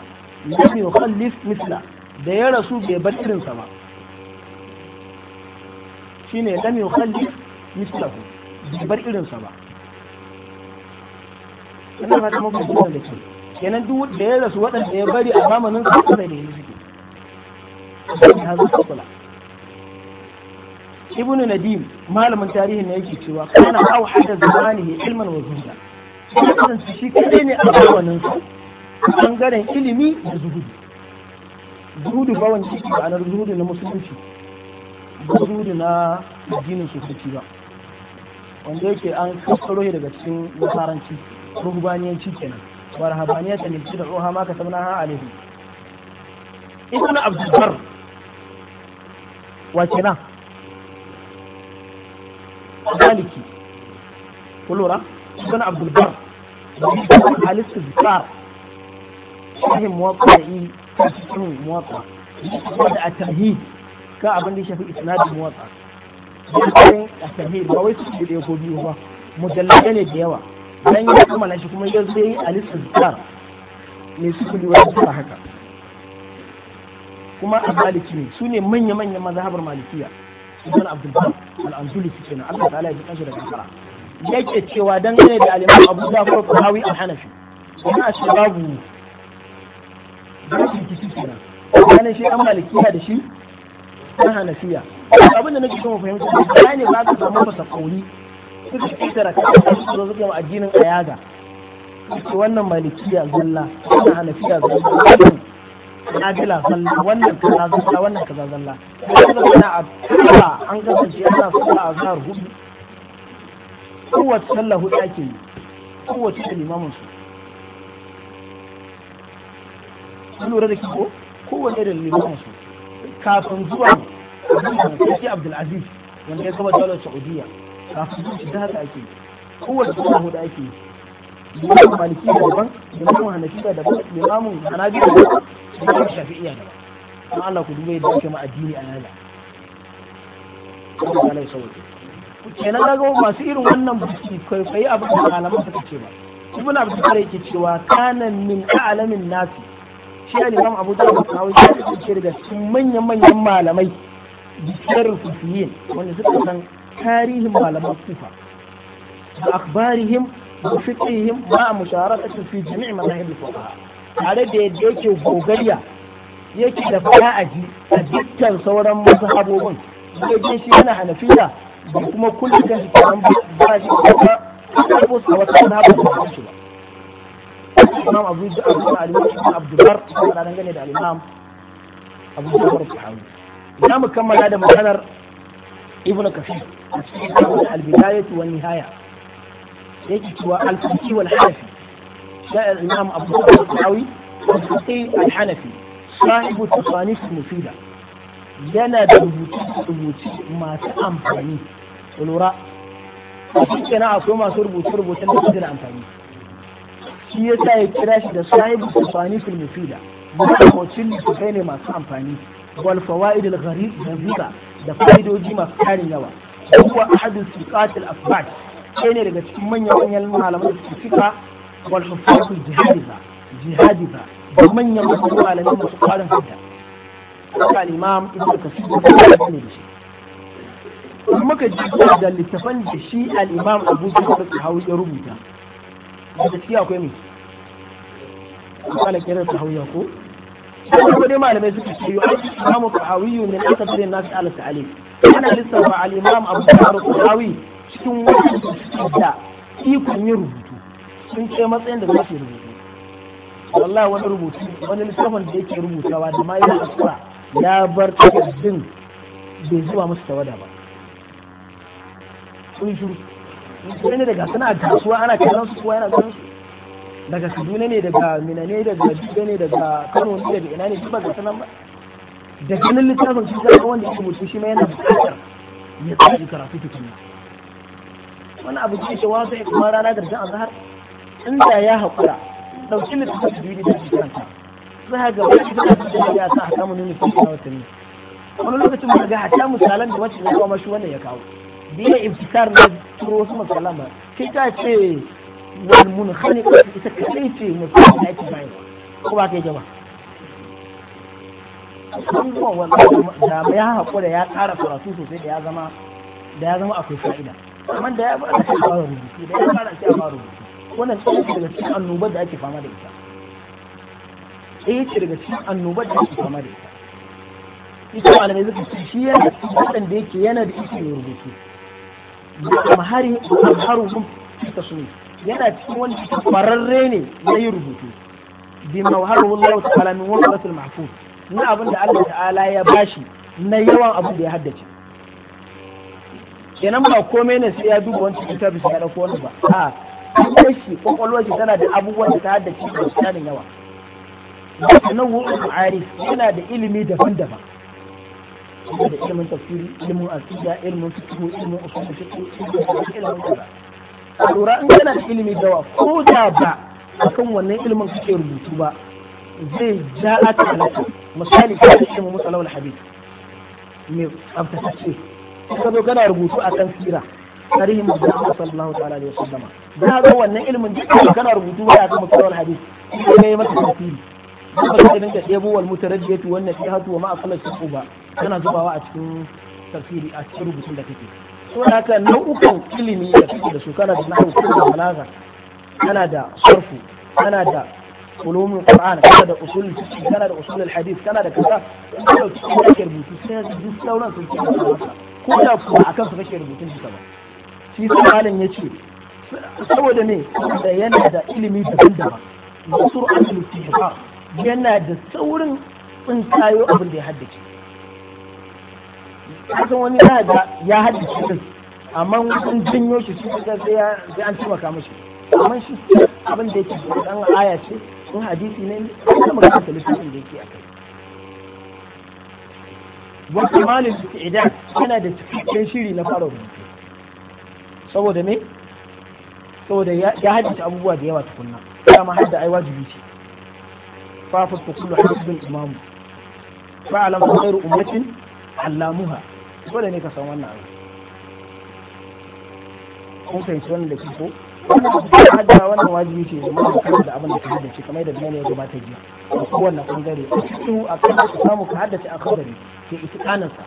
lam yukhallif mithla da ya rasu bai bar irin sa ba shine lam yukhallif mithlahu bai bar irin sa ba ina fata mafi zuwa da ke kenan duk da ya rasu waɗanda ya bari a zamanin sa kuma ne suke ya zo kula ibnu nadim malamin tarihi ne yake cewa kana au hada zamanihi ilman wa zuhda ya shi kadai ne a zamanin sa bangaren ilimi da zuhudu zuhudu ba wani ciki ba anar zuhudu na musulunci ba zuhudu na addinin sosoci ba wanda yake an kaskaro daga cikin nasaranci ruhubaniyanci kenan wa ta nilci da tsoha ma ka sabna ha alaihi ibn abdulbar wa kenan maliki kulura ibn abdul bar al-istizkar sharhin muwaqqa'i ta cikin muwaqqa da at ka abin da shafi isnadin muwaqqa cikin at-tamhid ba wai su da ko biyu ba mujallada ne da yawa dan ya kuma shi kuma ya zo yi al-istizkar ne su kuli wani suka haka kuma a maliki ne su manya mazhabar malikiya ibn abdul bar al-andalusi kenan Allah ta'ala ya ji kanshi da kankara yake cewa dangane da aliman abu jafar fahawi a hanafi wani a ce babu babu rikici kenan tsakanin shi an malikiya da shi na hanafiya abin da nake kuma fahimta ba ne ba ka samu fasa kauli suka ƙetara kan su zo suka yi addinin ayaga ce wannan malikiya zalla wannan hanafiya zalla Na nabila zalla wannan kaza zalla wannan kaza zalla sai suka kana a an kasance ana sallah a zahar hudu kowace sallah hudu ake yi kowace da limamun su sun lura da kiko kowace da limamin su kafin zuwa sarki abdulaziz wanda ya kama daular saudiya kafin zuwa shi haka ake yi kowace sallah hudu ake yi limamin maliki da daban limamin hanafi da daban limamin hanabi da daban limamin shafi'iya daban kuma Allah ku duba yadda ake ma addini a yana Allah ya sauke kenan daga masu irin wannan biki kwaikwayi abin da malaman suka ce ba ibn abdul kare yake cewa kanan min a'lamin nasi shi ne imam abu da kawai ne cikin daga cikin manyan manyan malamai bikiyar sufiyin wanda suka san tarihin malaman kufa da akbarihim da fiqhihim a musharakatu fi jami'i madahib al-fuqaha tare da yadda yake gogariya yake da fara a dukkan sauran mazhabobin sai dai shi yana hanafiya ba kuma kullum da shi kan ba shi ba ta ko sa wata na ba ta shi ba imam abu abu alimam ibn abdulbar da dangane da alimam abu jafar sahawi za mu kammala da maganar ibn kafir a cikin kitabul al-bidayatu wan nihaya yake cewa al-fiqh wal hanafi شاء الإمام أبو بكر الحاوي والفقيه الحنفي صاحب التصانيف المفيدة yana da rubuce-rubuce masu amfani lura a cikin akwai masu rubuce-rubuce da suke da amfani shi ya sa ya kira shi da sahibu amfani fil mufida mutawacin littattafai ne masu amfani wal fawaid al ghariba da fa'idoji masu tarin yawa huwa ahadu siqat al afbat sai ne daga cikin manyan manyan malaman da suke fika wal hufatul jihadiza jihadiza da manyan masu malamai masu kwarin fita haka imam ibn kasir ne da shi muka ji da littafan da shi al-imam abu bakar sahawi ya rubuta da gaskiya akwai mai kala kiran ya ko ko dai malamai suka ce yau imamu sahawi ne da aka tare na nasu ala ta'alif ana lissafa al-imam abu bakar sahawi cikin wani da ikon yin rubutu sun ce matsayin da za su rubutu wallahi wani rubutu wani littafin da yake rubutawa da ma yana asura ya bar takardun bai zuba musu tawada ba sun shuru sai ne daga suna kasuwa ana kallon su kuwa yana kallon su daga kaduna ne daga minane ne daga duka ne daga kano ne daga ina ne duk ba sanan ba da ganin littafin shi zai wanda yake mutum shi ma yana buƙatar. ya tsaji karatu tukunna wani abu ce ce wasu ya kuma rana da jan azhar inda ya haƙura ɗauki littafin da biyu da shi karanta maslaha ga wani da aka ya sa haka mu nuna cikin watanni wani lokacin mu ga hatta misalan da wacce ya kawo shi wannan ya kawo biya ibtikar na turo wasu misalan ba sai ta ce wal munkhaniq ita kadai ce misalan da ake bayarwa ko ba kai jama'a abubuwan wannan da ya haƙura ya ƙara karatu sosai da ya zama da ya zama akwai fa'ida amma da ya fara da ya fara rubutu da ya fara da ya fara rubutu wannan tsohon daga cikin annobar da ake fama da ita ɗaya ce daga cikin annobar da ke kama da ita ita malamai suka ce shi yana cikin waɗanda yake yana da ita ya rubutu amhari haru sun fita su yana cikin wani kwararre ne na yi rubutu bi haru Allah ta'ala min rasul mahfuz na abin da Allah ta'ala ya bashi na yawan abin da ya haddace kenan ba komai ne sai ya duba wancan kitabi sai ya dauko wani ba a kuma shi kwakwalwar shi tana da abubuwan da ta haddace da tsanin yawa wurin ma'arif yana da ilimi daban-daban yana da ilimin tafsiri ilimin asida ilimin fiqh ilimin usul fiqh ilimin A lura in kana da ilimi dawa ko da ba a kan wannan ilimin kake rubutu ba zai ja aka halaka misali ka da ilimin musalawul habib mai tsaftatacce ka zo kana rubutu a kan sira tarihin musulman sallallahu ta'ala alaihi wasallama da ga wannan ilimin duk kana rubutu ba akan musalawul hadith sai mai masa tafsiri ba ka dinga ɗebo wal mutarajjiyatu wan nasihatu wa ma akala shuku ba kana zubawa a cikin tafsiri a cikin rubutun da kake to haka nau'ukan ilimi da kake da su kana da nahwu da balaga kana da sarfu kana da ulumul qur'an kana da usul fiqh kana da usul hadith kana da kaza ko da kake rubutu sai duk sauran sun kike ko da kuma akan su kake rubutun duka ba shi sai malam yace saboda me da yana da ilimi daban-daban da sur'atul istihbar yana da saurin tsintayo abin da ya haddace kasan wani yana da ya haddace din amma wajen janyo shi shi da sai an taimaka mashi amma shi abin da yake dan aya ce in hadisi ne kuma magana da littafin da yake akai wa su idan yana da cikakken shiri na fara rubutu saboda me saboda ya haddace abubuwa da yawa tukunna ma hadda ai wajibi ce fafus fa kullu hasbun imamu fa alam fa khairu ummatin allamuha dole ne ka san wannan abu kun fahimci wannan da kiko hada wannan wajibi ce da mutum kan da abin da ka haddace kamar da bayani ya gabata jiya a kowanne bangare a cikin a kan ka samu ka haddace a kabari ke itikaninsa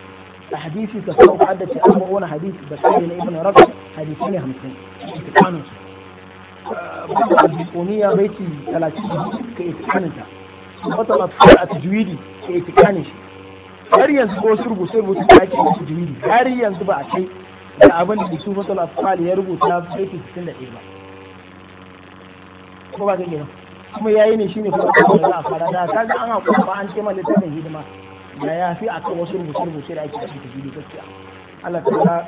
a hadisi ka samu ka haddace a ma'ona hadisi da sai na ibn rabi hadisi ne hamsin itikaninsa ba da baiti talatin ka itikaninsa matsalar fara a tajwidi ke itikani shi har yanzu ko su rubuce rubutu da ake a tajwidi har yanzu ba a kai da abin da su matsalar fara ya rubuta baiti 61 ba ko ba ta kuma ya yi ne shi ne kuma da za a fara da ka ga an haƙura ba an ce ma littafin hidima da ya fi a kan wasu rubuce rubuce da ake a tajwidi gaskiya Allah ta ta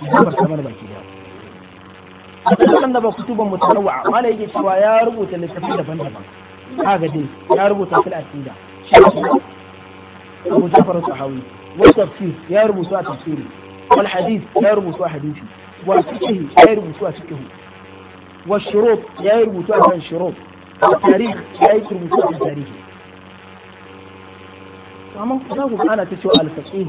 zubar kamar baki da a cikin da ba kutuban mutanawa wala yake cewa ya rubuta littafi daban-daban kaga dai ya rubuta fil asida Abu Ja'far Sahawi wa tafsir ya rubuta a tafsiri wani hadith ya rubuta a hadisi wal fiqh ya rubuta a fiqh wal shurut ya rubuta a kan shurut wal tarikh ya rubuta a tarikh amma za ku ana ta cewa al-faqih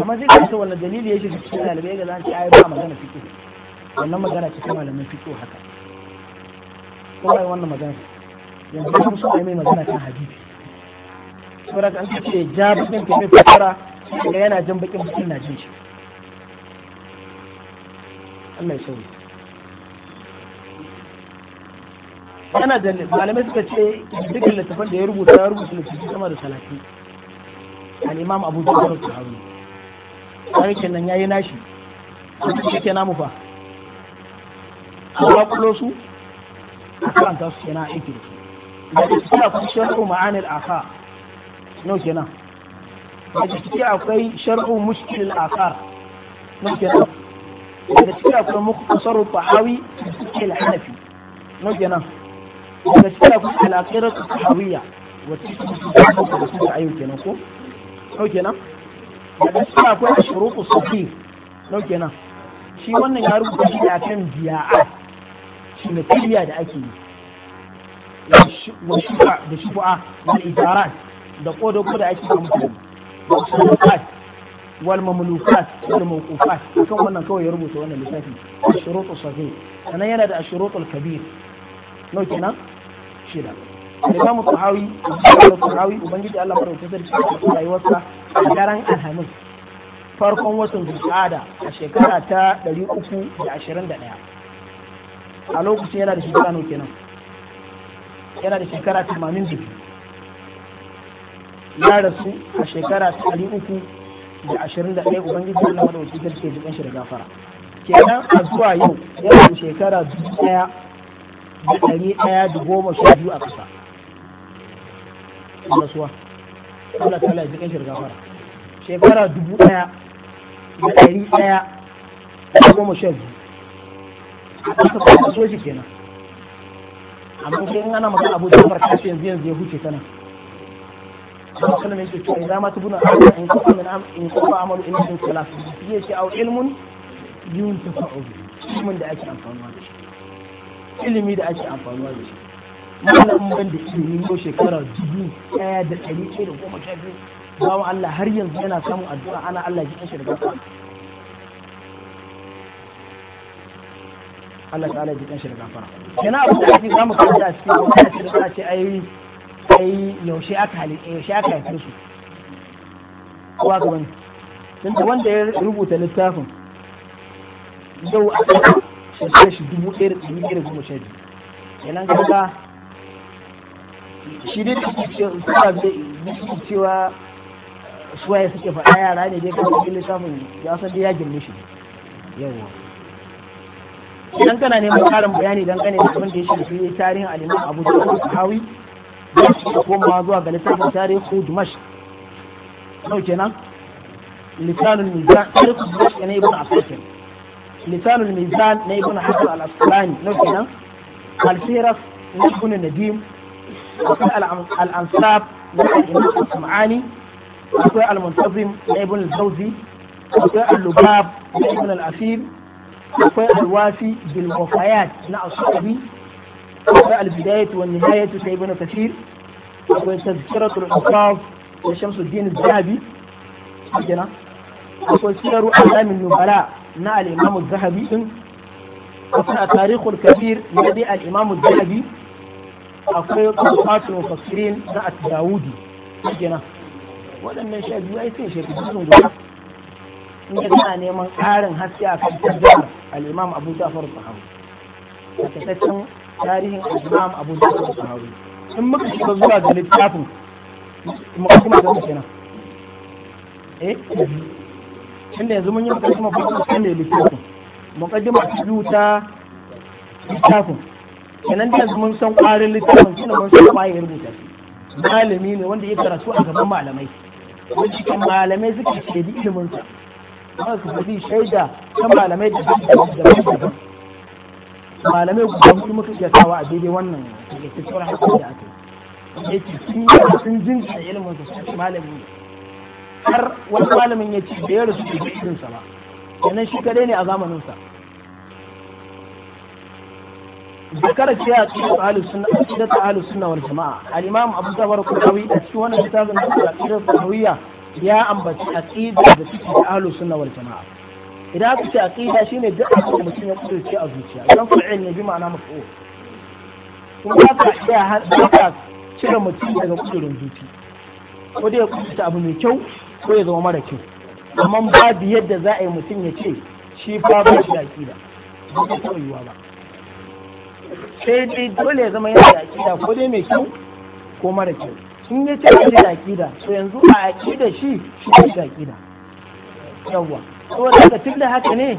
amma zai ka ta wannan dalili yake cikin dalibai ga zan ci ayi ba magana fiqh wannan magana cikin malamin fiqh haka Kuma ba wannan magana yanzu kuma so ai mai magana kan hadisi saboda an ce ja bakin ka mai fasara da yana jan bakin mutum na jin shi Allah ya sauri yana da malamai suka ce dukkan littafan da ya rubuta ya rubuta littafi sama da salati al-imam Abu Ja'far al-Tahawi sai kenan yayi nashi sai kenan mu fa a kwakulo su a ta su kenan aiki da su daga akwai shar'u ma'anil akar nau kenan daga ciki akwai shar'u mushkilil akar nau kenan daga ciki akwai muktasaru tahawi mushkil hanafi nau kenan daga ciki akwai alaƙirar tahawiyya wacce su su da ayo kenan ko nau kenan daga ciki akwai shuruɗu sahi nau kenan shi wannan ya rubuta shi akan biya'at cinikayya da ake yi wa shufa da shufa ijarat da kodogo da ake yi mutane wa wal mamlukat wal mawqufat kan wannan kawai ya rubuta wannan lissafi shurutu safi sanan yana da shurutul kabir no kenan shida Imam Tuhawi, Imam Tuhawi, Ubangiji Allah Marauta Sarki a rayuwarsa a daren Alhamis, farkon watan Zulqa'ada a shekara ta 321. a lokacin yana da shekara nau kenan yana da shekara tamanin da ya rasu a shekara ta ɗari uku da ashirin da ɗaya ubangiji Allah madawacin sarki ya jikin shi da gafara kenan a zuwa yau yana da shekara dubu ɗaya da ɗari ɗaya da goma sha biyu a ƙasa rasuwa Allah ta ya jikin shi da gafara shekara dubu ɗaya da ɗari ɗaya da goma sha biyu haka kuma ka so shi kenan amma sai in ana magana abu jafar ta ce yanzu yanzu ya huce ta tana kuma sallama yake cewa idan ma tubuna amana in kuma min am in kuma amalu in min salat yake au ilmun yun tafa'u ilmin da ake amfanuwa da shi ilimi da ake amfanuwa da shi malam ban da ilimi ko shekara dubu daya da ɗari ɗaya da goma sha biyu bawan Allah har yanzu yana samun addu'a ana Allah ya ji shi daga Allah ta'ala ya jikan shi da gafara kana abu da ake zamu karanta a cikin wannan shi da ce ai ai yaushe aka halitta yaushe aka yi su kowa ga wani dan da wanda ya rubuta littafin yau a shi shekarar shi dubu ɗaya da ɗari ɗaya da goma sha biyu kenan kaga shi dai da suka cewa suwaye suke faɗa yara ne dai kan littafin ya san dai ya girme shi yawa idan kana neman karin bayani dan kane da abin da ya shafi tarihin al-Imam Abu Dawud Sahawi da shi kuma zuwa ga littafin tarihu Dimash nau kenan lisanul mizan tarihu Dimash ne ibn Asakir lisanul mizan na ibn Hajar al-Asqalani nau kenan al-Sirat na ibn Nadim akwai al-Ansab na al-Imam Sam'ani akwai al-Muntazim na ibn Zawzi jawzi akwai al-Lubab na ibn al-Asir akwai alwafi bil wafayat na asabi akwai albidayat wa nihayat ta ibn kasir akwai tazkiratul usaf da shamsuddin zahabi kenan akwai siraru alamin nubala na al-imam zahabi din akwai tarihul kabir na dai al-imam zahabi akwai tawfatul mufassirin na at-dawudi kenan waɗannan sha biyu ai sai shekaru sun guda in ka kana neman ƙarin haske a kan tarjamar al'imam abu ja'far sahawi a kasashen tarihin al abu ja'far sahawi in muka shiga zuwa ga littafin mukaddima da kenan eh inda yanzu mun yi kuma farko sai ne littafin mukaddima ta biyu ta littafin kenan da yanzu mun san ƙwarin littafin tunda mun san kwaye rubuta malami ne wanda ya karatu a gaban malamai wanda malamai suke shaidi ilimin sa kuma su tafi shaida ta malamai da daban-daban malamai guda hudu muka iya kawa a daidai wannan takaitaccen hakan da aka yi yake sun yi sun jinka ilimin su sun malami har wani malamin ya ce da ya rasu da irinsa ba sannan shi kadai ne a zamaninsa ذكرت فيها suna أهل السنة عقيدة أهل السنة والجماعة الإمام أبو جعفر القرطبي أشكو أن كتاب العقيدة الطحوية ya ambaci aqida da suke da ahlus sunna wal jamaa idan aka ce aqida shine duk abin da mutum ya kudurce a zuciya don fa'il ne bi ma'ana maf'ul kuma ba ka iya haɗa cire mutum daga kudurin zuci ko dai ya kudurta abu mai kyau ko ya zama mara kyau amma babu yadda za a yi mutum ya ce shi fa ba shi da aqida ba ta taɓa ba sai dai dole ya zama yana da aqida ko dai mai kyau ko mara kyau in ya ce da aƙida to yanzu a aƙida shi shi da aƙida yawwa to haka tun da haka ne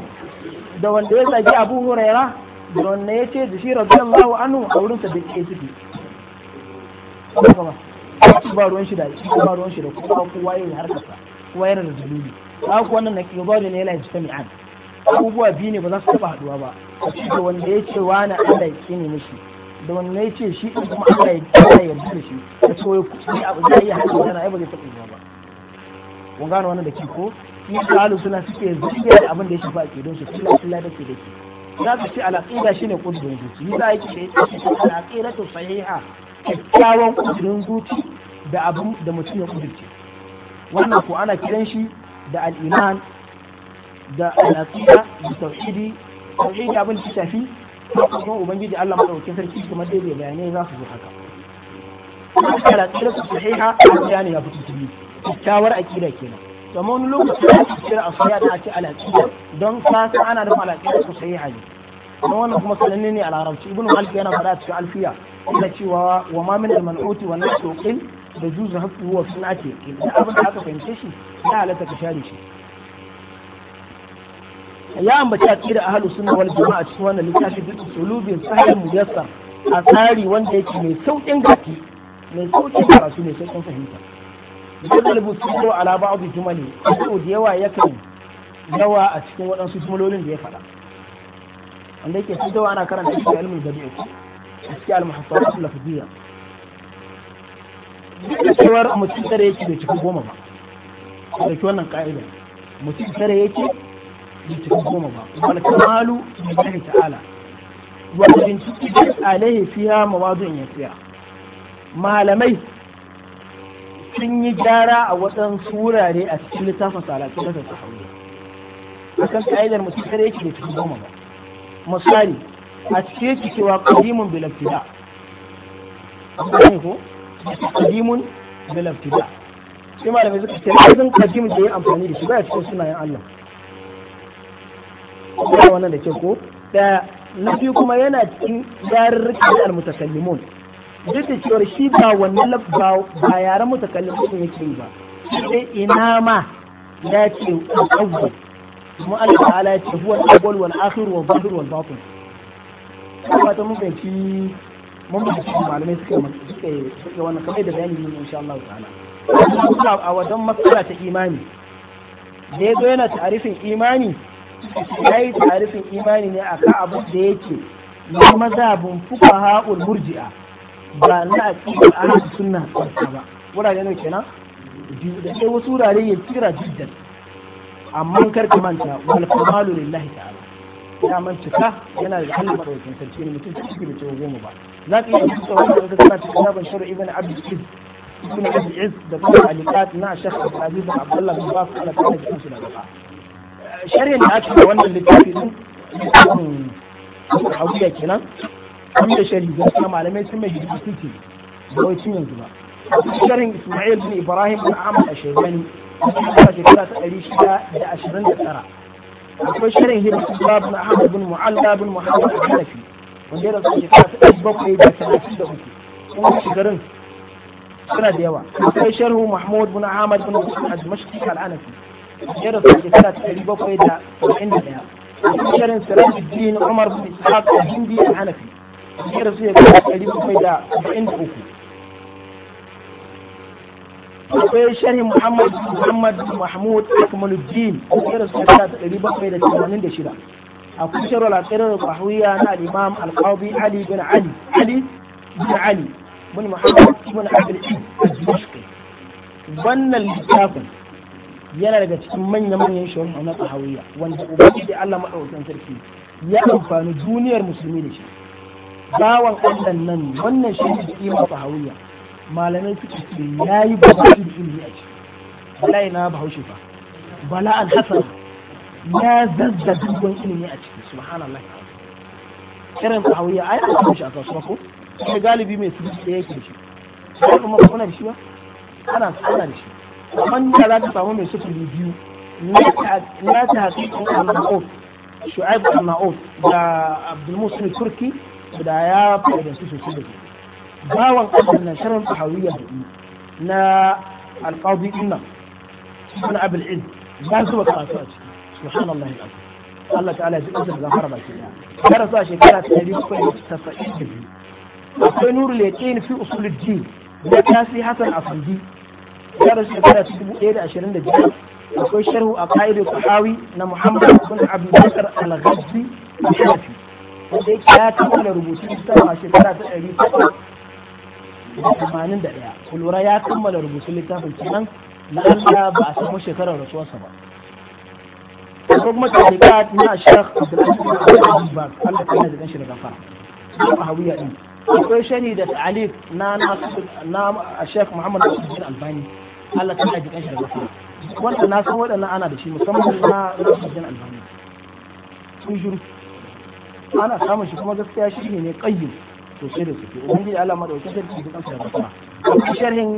da wanda ya zagi abu huraira da wanda ya ce da shi radiyallahu anhu a wurin sa da ke ciki ba ruwan shi da shi ba ruwan shi da kowa kowa yayin harkarsa kowa yana da dalili ba ku wannan na kiyo ne yana mi'an. abubuwa biyu ne ba za su taba haduwa ba a cikin wanda ya ce wani Allah ya kine mishi da wanne ya ce shi ɗin kuma Allah ya Allah ya yarda da shi ya so ya kuɗi abu zai iya haɗa magana ai ba zai taɓa ba kun gano wannan da ke ko shi ahlus sunna suke zuciya da abin da ya shafa don su da ke da ke za ka ce shi shine kudurin zuci yi za a yi ce ta to sahiha kyakkyawan kudurin zuci da abin da mutum ya kudurce wannan ko ana kiran shi da al'iman da alaƙira da tauhidi tauhidi abin da shafi kuma ubangiji Allah madaukakin sarki kuma dai bai bayanai za su zo haka kala tsira su sahiha bayani ya fito tibi kyakkyawar akida kenan to amma lokaci da ake cire a sai da ake alaƙida don ka san ana nufin alaƙida su sahiha ne don wannan kuma sananne ne a larabci ibnu malik yana faɗa cikin alfiya yana cewa wa ma min al-man'uti wa nasu qil da juzu haqqu wa sunati da abin da aka fahimce shi ya halatta ka share shi ya ambaci a ahlus suna wal jama'a cikin wannan littafi bi usulubin sahih muyassar a tsari wanda yake mai sauƙin gafi mai sauƙin karatu mai saukin fahimta yadalbu sirru ala ba'd jumali ko da yawa yakan yawa a cikin waɗansu jumlolin da ya faɗa wanda yake sun ana karanta shi ilmin dabi'a a cikin al-muhassabat lafziyya duk da cewar mutum tare yake bai cika goma ba da wannan ka'ida mutum tare yake cikin goma ba wal kamalu lillahi ta'ala wa in tuqid alaihi fiha ya fiya. malamai sun yi gyara a waɗansu wurare a cikin littafin salatu da ta hauri akan ka'idar mutum kare yake da cikin goma ba misali a cikin yake cewa qadimun bil ibtida ko qadimun bil ibtida sai malamai suka ce lazim qadim da yi amfani da shi ba ya cikin sunayen Allah kuma wannan da ke ko da na biyu kuma yana cikin yarurrukan da almutakallimun duk da cewar shi ba wannan ba yaren mutakallimun yake yi ba sai ina ma ya ce al-awwal kuma Allah ta'ala ya ce huwa al-awwal wal akhir wal zahir wal batin kuma ta mun fahimci mun fahimci malamai suka suka suka wannan kamar da bayani mun insha Allah ta'ala a wajen matsala ta imani da yazo yana ta'arifin imani ya yi tarifin imani ne a abin da yake na mazhabin fuka ha'ul murji'a ba na aqidar suna sunna ba wurare ne kenan biyu da sai wasu wurare ya kira jiddan amma kar ka manta wal kamalu lillahi ta'ala ya manta ka yana da halin madaukakin sarki ne mutum ciki da cewa goma ba za ka iya cewa wanda ka kana cikin kitabun shar'u ibn abd al-iz ibn abd al da kuma alikat na shakka da aziz abdullah bin bas ala kana cikin shi da gaba sharhin da ake da wannan littafi din hausa kenan an da sharhi gaskiya malamai sun mai hidima suke da wai cin yanzu ba sharhin Ismail bin Ibrahim bin Ahmad Ashebani a shekara ta ɗari shida da ashirin da tara akwai sharhin Hibbatullah bin Ahmad bin Mu'alla bin Muhammad Al-Hanafi wanda ya rasu shekara ta ɗari bakwai da talatin da uku kuma shigarin suna da yawa akwai sharhu Mahmud bin Ahmad bin Musa Al-Mashki Al-Hanafi ya rasu a shekara ta ɗari bakwai da saba'in da ɗaya shirin sirajuddin umar bin ishaq da hindi da hanafi ya rasu ya kara ɗari bakwai da saba'in da uku akwai sharhi muhammad muhammad mahmud akmaluddin ya rasu ya kara ɗari bakwai da tamanin da shida akwai sharhi al-qirar bahwiya na al-imam al-qawbi ali bin ali ali bin ali bin muhammad bin abdul al-dimashqi wannan littafin yana daga cikin manya-manyan shawar na tahawiyya wanda ubangiji Allah madaukakin sarki ya amfani duniyar musulmi da shi bawan Allah nan wannan shi ne kima tahawiyya malamai suke ce yi babaci da ilimi a ciki bala'i na bahaushe fa bala'an hasan ya zazza dubban ilimi a ciki subhanallah irin tahawiyya ai an samu shi a kasuwa ko sai galibi mai sirri da yake da shi sai kuma kuna da shi ba ana ana da shi ومن لا تفهمون من سفر الريفيو لا تهتم أن نعوف شعيب أن نعوف دا عبد المسلم التركي دا يا بعد سوسو سبب دا وانقصنا شرم تحوية نا القاضي إنا سبحان أبو العلم دا سوى قراتات سبحان الله العظيم الله تعالى يجب أن يغفر بك ترى ساشي قال تهديد كل تفائيس وكنور ليتين في أصول الدين وكاسي حسن أصول ya rasu shekara ta ashirin da biyar akwai sharhu a ƙa'idar sahawi na muhammad bin abubakar al-ghazzi a shafi wanda yake ya kammala rubutun littafin a shekara ta ɗari takwas da tamanin da ɗaya ku ya kammala rubutun littafin kenan na allah ba a samu shekarar rasuwarsa ba ko kuma tarikat na shekh abdulaziz bin abdulaziz ba allah ta yana da ɗan shi da gafara sahawiya akwai shani da alif na na Sheikh Muhammad Nasir Albani Allah ta aji kanshi da gaskiya wanda na san waɗannan ana da shi musamman na Nasir Albani sun shiru ana samun shi kuma gaskiya shi ne kayyum sosai da suke. ubangiji Allah madaukakin sarki da kansa da gaskiya akwai sharhin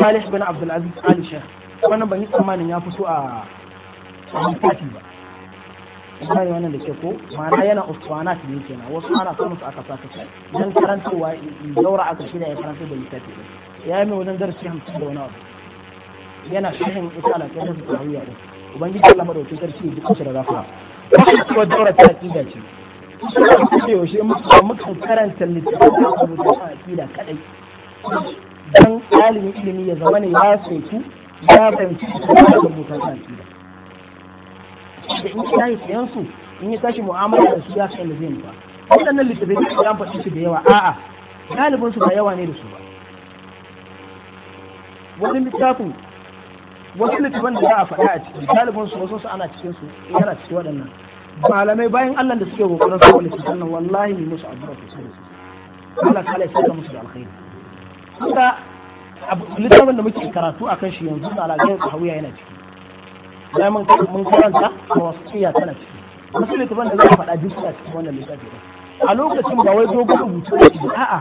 Salih bin Abdul Aziz Ali Sheikh wannan ban yi tsammanin ya fito a Fati ba bai wannan da ke ko ma'ana yana usmanat ne kenan wasu ana samun su aka saka kai dan karantowa daura aka shirya ya karanta da littafi ya yi mai wajen darasi hamsin da wani abu yana shirin isala alaƙa da su tarawiya din ubangiji Allah madaukakin sarki ya ji kusa da gafara kuma daura ta aqida ce kuma yaushe muka karanta littafin da aka rubuta aqida kadai dan ɗalibin ilimi ya zama ne ya soki ya fahimci da rubuta aqida da in ya yi sayan su in ya tashi mu'amala da su ya san da zai ba waɗannan littattafai da ya faɗi su da yawa a'a ɗalibin su ba yawa ne da su ba wani littafin wasu littafin da za a faɗa a ciki ɗalibin su wasu su ana cikin su yana cikin waɗannan malamai bayan Allah da suke kokarin su wani cikin nan wallahi ne musu addu'a da su, ta Allah ya saka musu da alkhairi kuka littafin da muke karatu akan shi yanzu da alaƙar hawiya yana ciki da mun mun karanta tawasiyya tana ciki wasu littafin da za a faɗa duk a cikin wannan littafi a lokacin ba wai dogon rubutu ne ba a'a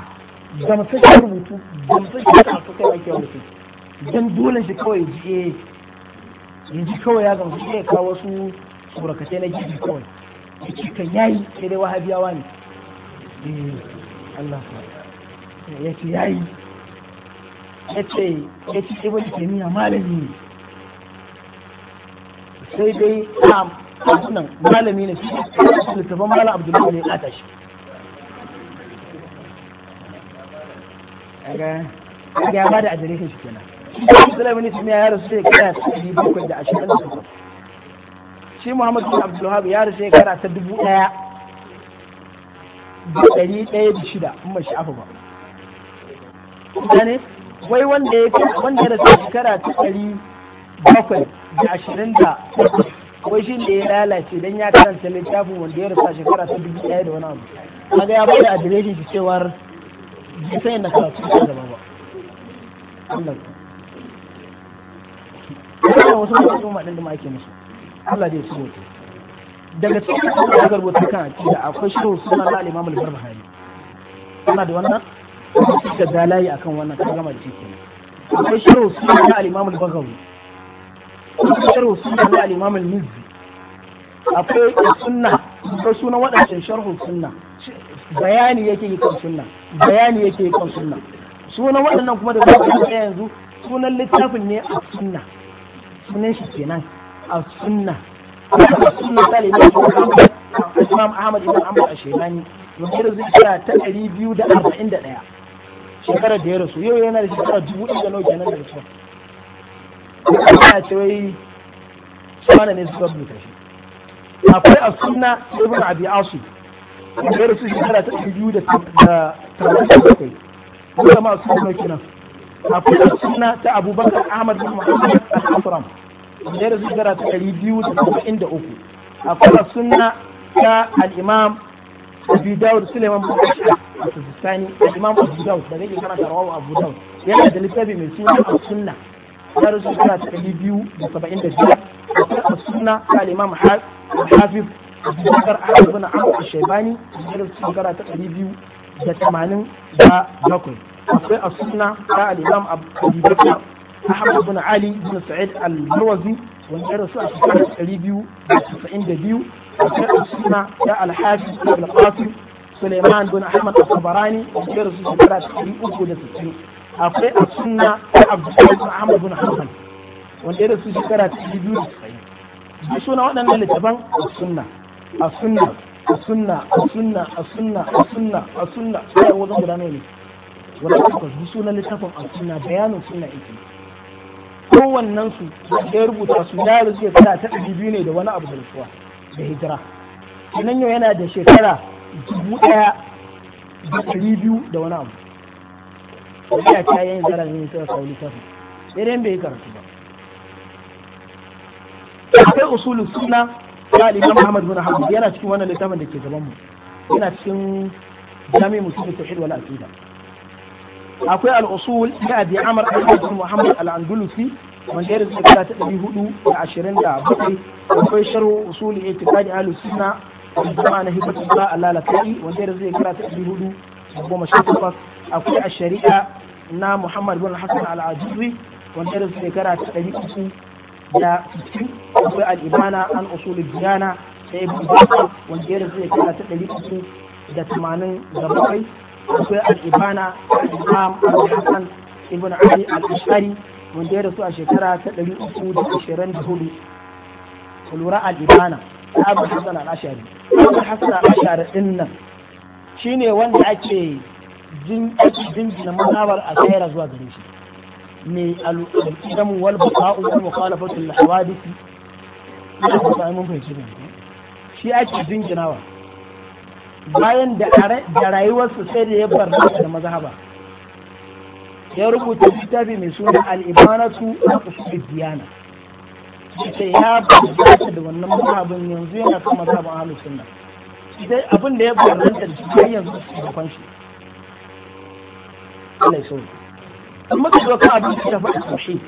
gamsashen rubutu gamsashen da su kai ake wani dan dole shi kawai ji eh, ya ji kawai ya gamsu ya kawo su surakatai na gidi kawai ya ci kan yayi sai dai wahabiyawa ne eh, Allah ya ce yayi ya ce ya ci ibn malami ne sai dai nan malami ne littafin malam abdullahi ne ya shi kaga ya bada adireshin shi kenan Islam ne tumiya ya rasu kaya ta ɗari bakwai da ashirin da takwas shi Muhammadu bin Abdul ya rasu shekara ta dubu ɗaya da ɗari ɗaya da shida in ba shi afa ba ne wai wanda ya wanda ya rasu shekara ta ɗari bakwai da ashirin da wai shi da ya lalace don ya karanta littafin wanda ya rufa shekara ta dubu ɗaya da wani abu kaga ya bada adireshin shi cewar bai sai na karatu ta gaba ba Allah ya wasu masu umma ɗin da ake musu Allah zai su mutu daga cikin da aka rubuta kan akida akwai shirin suna na al-Imam al-Barbahari kana da wannan da dalayi akan wannan ka gama da shi kenan akwai shirin suna na al-Imam kuma sharhu sunna na al-imam al-mizzi akwai sunna ko sunan wadannan sharhu sunna bayani yake yi kan sunna bayani yake yi kan sunna sunan waɗannan kuma da za ku yi yanzu sunan littafin ne a sunna sunan shi kenan a sunna a sunna ta limai Imam Ahmad Ibn Ahmad Ashebani wanda zai kira ta ɗari biyu da arba'in da ɗaya shekarar da ya rasu yau yana da shekara dubu ɗaya da nau kenan da rasuwa ana ce wai suwana ne suka rubuta shi akwai a sunna ibn abi asu da rasu shekara ta biyu da tarihi da kai. wanda ma su kinan akwai a sunna ta abubakar ahmad bin muhammad al-asram da rasu shekara ta ɗari biyu da saba'in da uku akwai a sunna ta al-imam أبي داود سليمان بن الثاني الإمام أبو داود ده يجي كان رواه أبو داود yana da littafi mai suna السنة ya rasu suna ta ɗari biyu da saba'in da biyar akwai a suna ta al'imam hafiz abubakar ahmad bin amr al-shaybani ya rasu shekara ta ɗari biyu da tamanin da bakwai akwai a suna ta al'imam abubakar ahmad bin ali bin sa'id al-marwazi wanda ya rasu a shekara ɗari biyu da saba'in da biyu akwai a suna ta al-hafiz ibn qasim suleiman bin ahmad al-tabarani wanda ya rasu shekara ta ɗari uku da sittin akwai a suna ta abdullahi ahmad bin hanbal wanda ya rasu shekara ta biyu da tsaye da suna waɗannan littafan a suna a suna a suna a suna a suna a suna a suna suna a wajen guda ne wanda aka su suna littafin a suna bayanin sunna yake kowannen su da ya rubuta su ya rubuta tana ta ɗari biyu ne da wani abu da rasuwa da hijira sanan yau yana da shekara dubu ɗaya da ɗari biyu da wani abu ya ta yin zarafi ne suka kawo littafi sai dai bai karatu ba akwai usulul suna ya Imam Muhammad bin yana cikin wannan littafin da ke gaban mu yana cikin jami musulmi tauhid wal aqida akwai al-usul ya Abi Amr bin Muhammad al-Andalusi من غير الزكاة اللي هدو عشرين دا بقي وفي شرو أصول اعتقاد أهل السنة والجماعة هبة الله على لكي وغير الزكاة اللي هدو أبو مشاكل أقول الشريعة na Muhammad bin Hassan al-Ajuri wanda irin shekara ta ɗari uku da sittin akwai al-Ibana an usulul diyana da Ibn Bakr wanda irin shekara ta ɗari uku da tamanin da bakwai akwai al-Ibana al-Imam al-Hassan ibn Ali al-Ashari wanda ya rasu a shekara ta ɗari uku da ashirin da hudu lura al-Ibana Abu Hassan al-Ashari Abu Hassan al-Ashari ɗin nan shine wanda ake jingina mazhabar a kaira zuwa gare shi mai al'adam wal buka'u wal mukhalafatu lil hawadisi ina ba sai mun fahimci ne shi ake jinjinawa. bayan da rayuwarsa sai da ya bar da mazhaba ya rubuta littafi mai suna su a usulul diyana ce ya bambanta da wannan mazhabin yanzu yana kan mazhabin ahlus sunna sai abin da ya bambanta da shi yanzu su da Allah ya sauke amma ka zo ka abin da shafi tauhid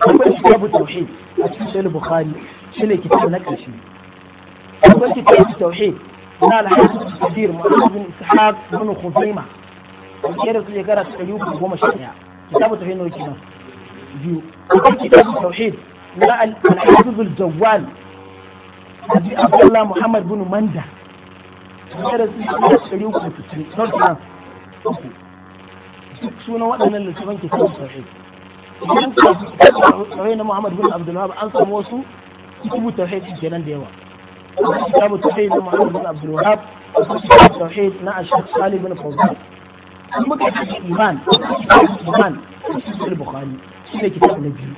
akwai kitabu tauhid a cikin sahih bukhari shine kitabu na karshe akwai kitabu tauhid na al-hafiz kathir muhammad bin ishaq bin khuzaima ke da su shekara ta ɗari uku goma sha ɗaya kitabu tauhid nawa kenan biyu akwai kitabu tauhid na al-hafiz al-jawwal Abi Abdullah Muhammad bin Manda. Shekara ta ɗari uku da sittin. sunan waɗannan littafan kitabun tauhid idan ka na Muhammad bin Abdul Wahab an samu wasu kitabun tauhid kenan da yawa kitabun tauhid na Muhammad bin Abdul Wahab kitabun tauhid na Ashaq Salih bin Fawzan an muka ci iman iman cikin Bukhari shine kitabun na biyu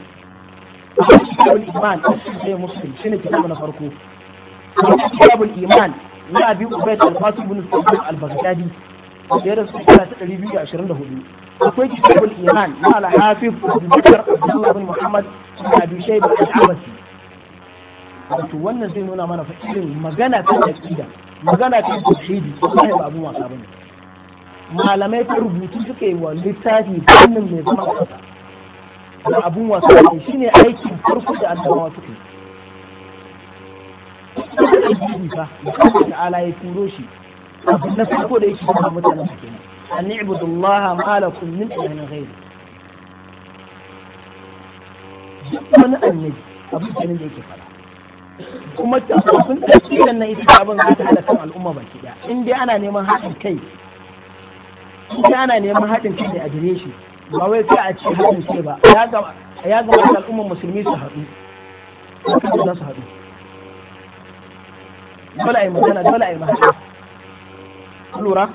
kitabun iman cikin Muslim shine kitabun na farko kitabun iman na Abi Ubayd al-Qasim bin Sulaiman al-Baghdadi da ya rasu ta ɗari biyu da ashirin da hudu akwai kitabul iman na alhafiz abubakar abdullah bin muhammad bin abi shayba al-abasi wato wannan zai nuna mana irin magana ta aqida magana ta tauhidi sai ba abu wasa bane malamai ta rubutu suka yi wa littafi fannin mai zama kasa da abun wasa ne shine aikin farko da annabawa suka yi Allah ta'ala ya turo shi abin na farko da yake kuma mutanen su kenan an i'budu Allah ma lakum min ilahin ghairi duk wani annabi abin kenan da yake fara kuma kafin tafsirin nan ita abin za ta kan al'umma baki daya in dai ana neman haɗin kai in dai ana neman haɗin kai da shi ba wai sai a ce haɗin sai ba ya gama al'ummar musulmi su haɗu za su haɗu dole a yi magana dole a yi magana lura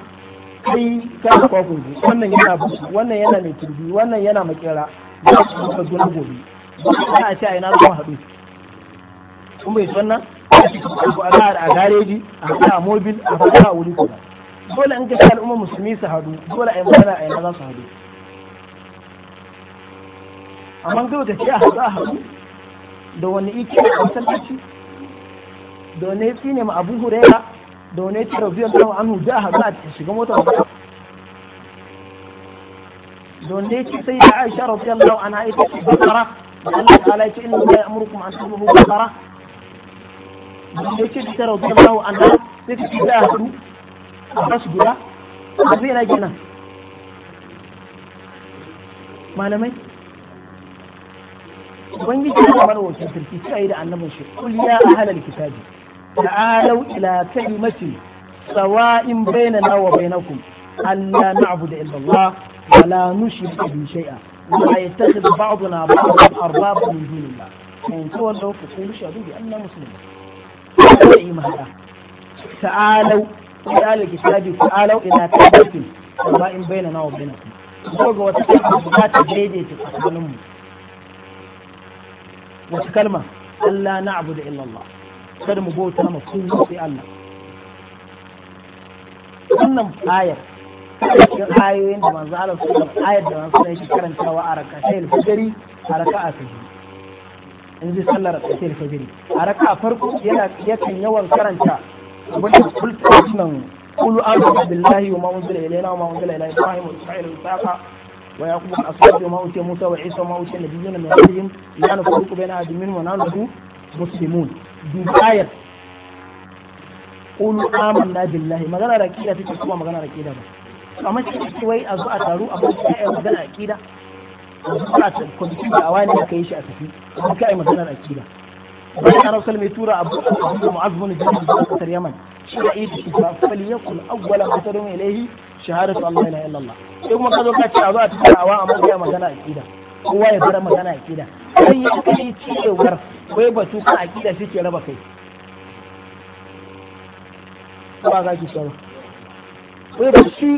kai ka da kwakwan wannan yana bushi wannan yana mai turbi wannan yana makera ba su kuma zuwa gobe ba a ce a ina zuwa haɗu kun bai wannan a gareji a haɗu a mobil a haɗu a wuri kuma dole an ka al'umma musulmi su haɗu dole a yi magana a yi za su haɗu amma gaba ka ce a haɗu a haɗu da wani ike a masallaci da wani ya tsine ma abu hurera da wani yake rabi Allah anhu da ha ba shiga motar ba da yake sai da Aisha rabi Allah anha ita ce bakara da Allah ta'ala yake inna la ya'murukum an tubu bakara da yake da rabi Allah anha sai ta ce da hadu a basu guda a zai na nan. malamai ubangiji ya bar wakil sarki da annabin shi kul ya kitabi ta'alau ila kalimati sawa'in bainana wa bainakum alla na'budu illa Allah wa la nushrika bi shay'a wa yattakhidhu ba'duna ba'dan arbaba min dunillah in tawallu fa qulu shahadu bi anna muslimun sai imana ta'alau ila al-kitabi ta'alau ila kalimati sawa'in bainana wa bainakum ko ga wata kalma ta daidaita tsakaninmu wata kalma Allah na'budu illa Allah kada mu bauta ma kowa sai Allah wannan ayar cikin ayoyin da manzo Allah su da ayar da manzo karanta wa araka rak'atai al-fajri a rak'a ta biyu in ji sallar rak'atai al-fajri a rak'a farko yana yakan yawan karanta wanda kulta nan qul a'udhu billahi wa ma unzila ilayna wa ma unzila ila ibrahim wa isma'il wa isaqa ويعقوب الأصحاب وما أوتي موسى وعيسى وما أوتي النبيون من ربهم لا نفرق بين أحد منهم ونحن مسلمون dubayar qulu amanna billahi magana da aqida take kuma magana da aqida ba amma shi ce wai a zo a taru a bar sai magana aqida a ta kwamitin da awa ne da kai shi a tafi ka yi magana da aqida bayan annabi sallallahu alaihi tura abu a abu mu'azzmun jami'in da kasar yaman shi ya da idi ba falyakun awwala ma tadum ilayhi shahadatu allahi la ilaha illallah sai kuma ka zo ka ce a zo a tafi awa amma kai magana aqida kowa ya bar magana a akida sai ya kai cewar wai batu kan akida shi ke raba kai ba za ki tsaro wai ba shi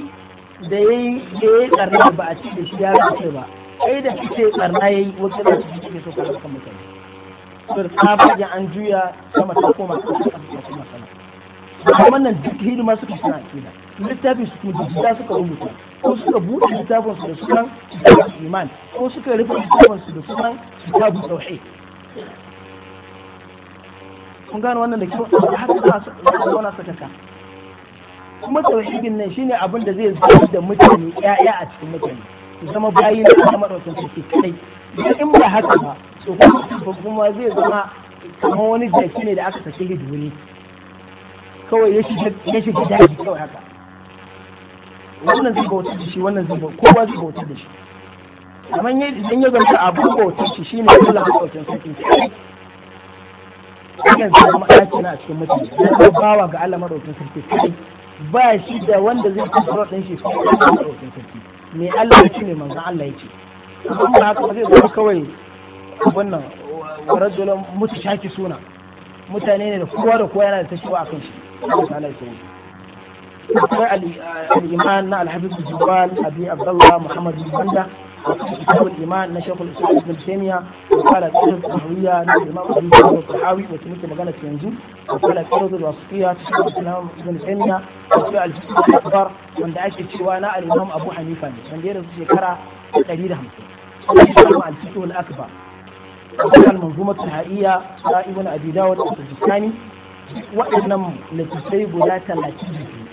da ya yi da ya yi ba a cikin shi ya raba kai ba kai da shi ke karna ya yi wata da shi ke so ka kan mutane sai ta fage an juya sama ta koma ta koma sama amma nan duk hidima suka suna kida littafin su da suka rubuta ko suka buɗe littafin su da sunan kitabun iman ko suka rufe littafin su da sunan kitabun tauhid kun gano wannan da kyau da haka za su zauna sakaka kuma tauhidin nan shine abin da zai zama da mutane ƴaƴa a cikin mutane su zama bayi na kuma madaukakin sarki kai idan in ba haka ba to kuma zai zama kamar wani jaki ne da aka sake hiduni kawai ya shiga daji kawai haka wannan zai bauta da shi wannan zai bauta kowa zai bauta da shi amma idan ya zanta abu bauta shi shine Allah bautan sarki zai kuma ɗaki na a cikin mutane ya bawa ga Allah madaukin sarki kai ba shi da wanda zai ci tsaro ɗin shi sai Allah sarki me Allah ya ci ne manzon Allah ya ce kuma haka ba zai zama kawai wannan warajulun mutu shaki suna mutane ne da kowa da kowa yana da tashiwa kan shi Allah ya ci الإيمان الحبيب na alhafiz jubal abi abdullah muhammad bin banda كتاب الإيمان نشيخ الإسلام ابن تيمية وقال السيرة الطحوية للإمام أبي بكر الطحاوي وتمت مجانا تنزو وقال السيرة الوصفية تشيخ الإسلام ابن تيمية وقال الجسم الأكبر من دعاش الشوانا الإمام أبو حنيفة من دير الشكرة قليلة همسة الفقه الأكبر وقال المنظومة الحائية ابن أبي داود السجستاني وإنما لتسيب لا تلاتيجي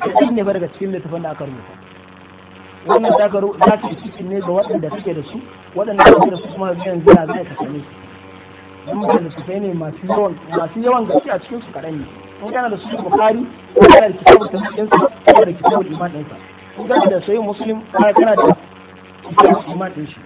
kaɗan ne daga cikin littafin da aka rubuta wannan za ka za ka cikin ne ga waɗanda suke da su waɗanda suke da su kuma yanzu na zai ka same su in ba littafai ne masu yawan masu yawan gaske a cikin su kaɗan ne in kana da su su bukari ko kana da kitabul tafsirin sa ko da kitabul iman ɗinsa in kana da sayyid muslim ko kana da kitabul iman ɗin shi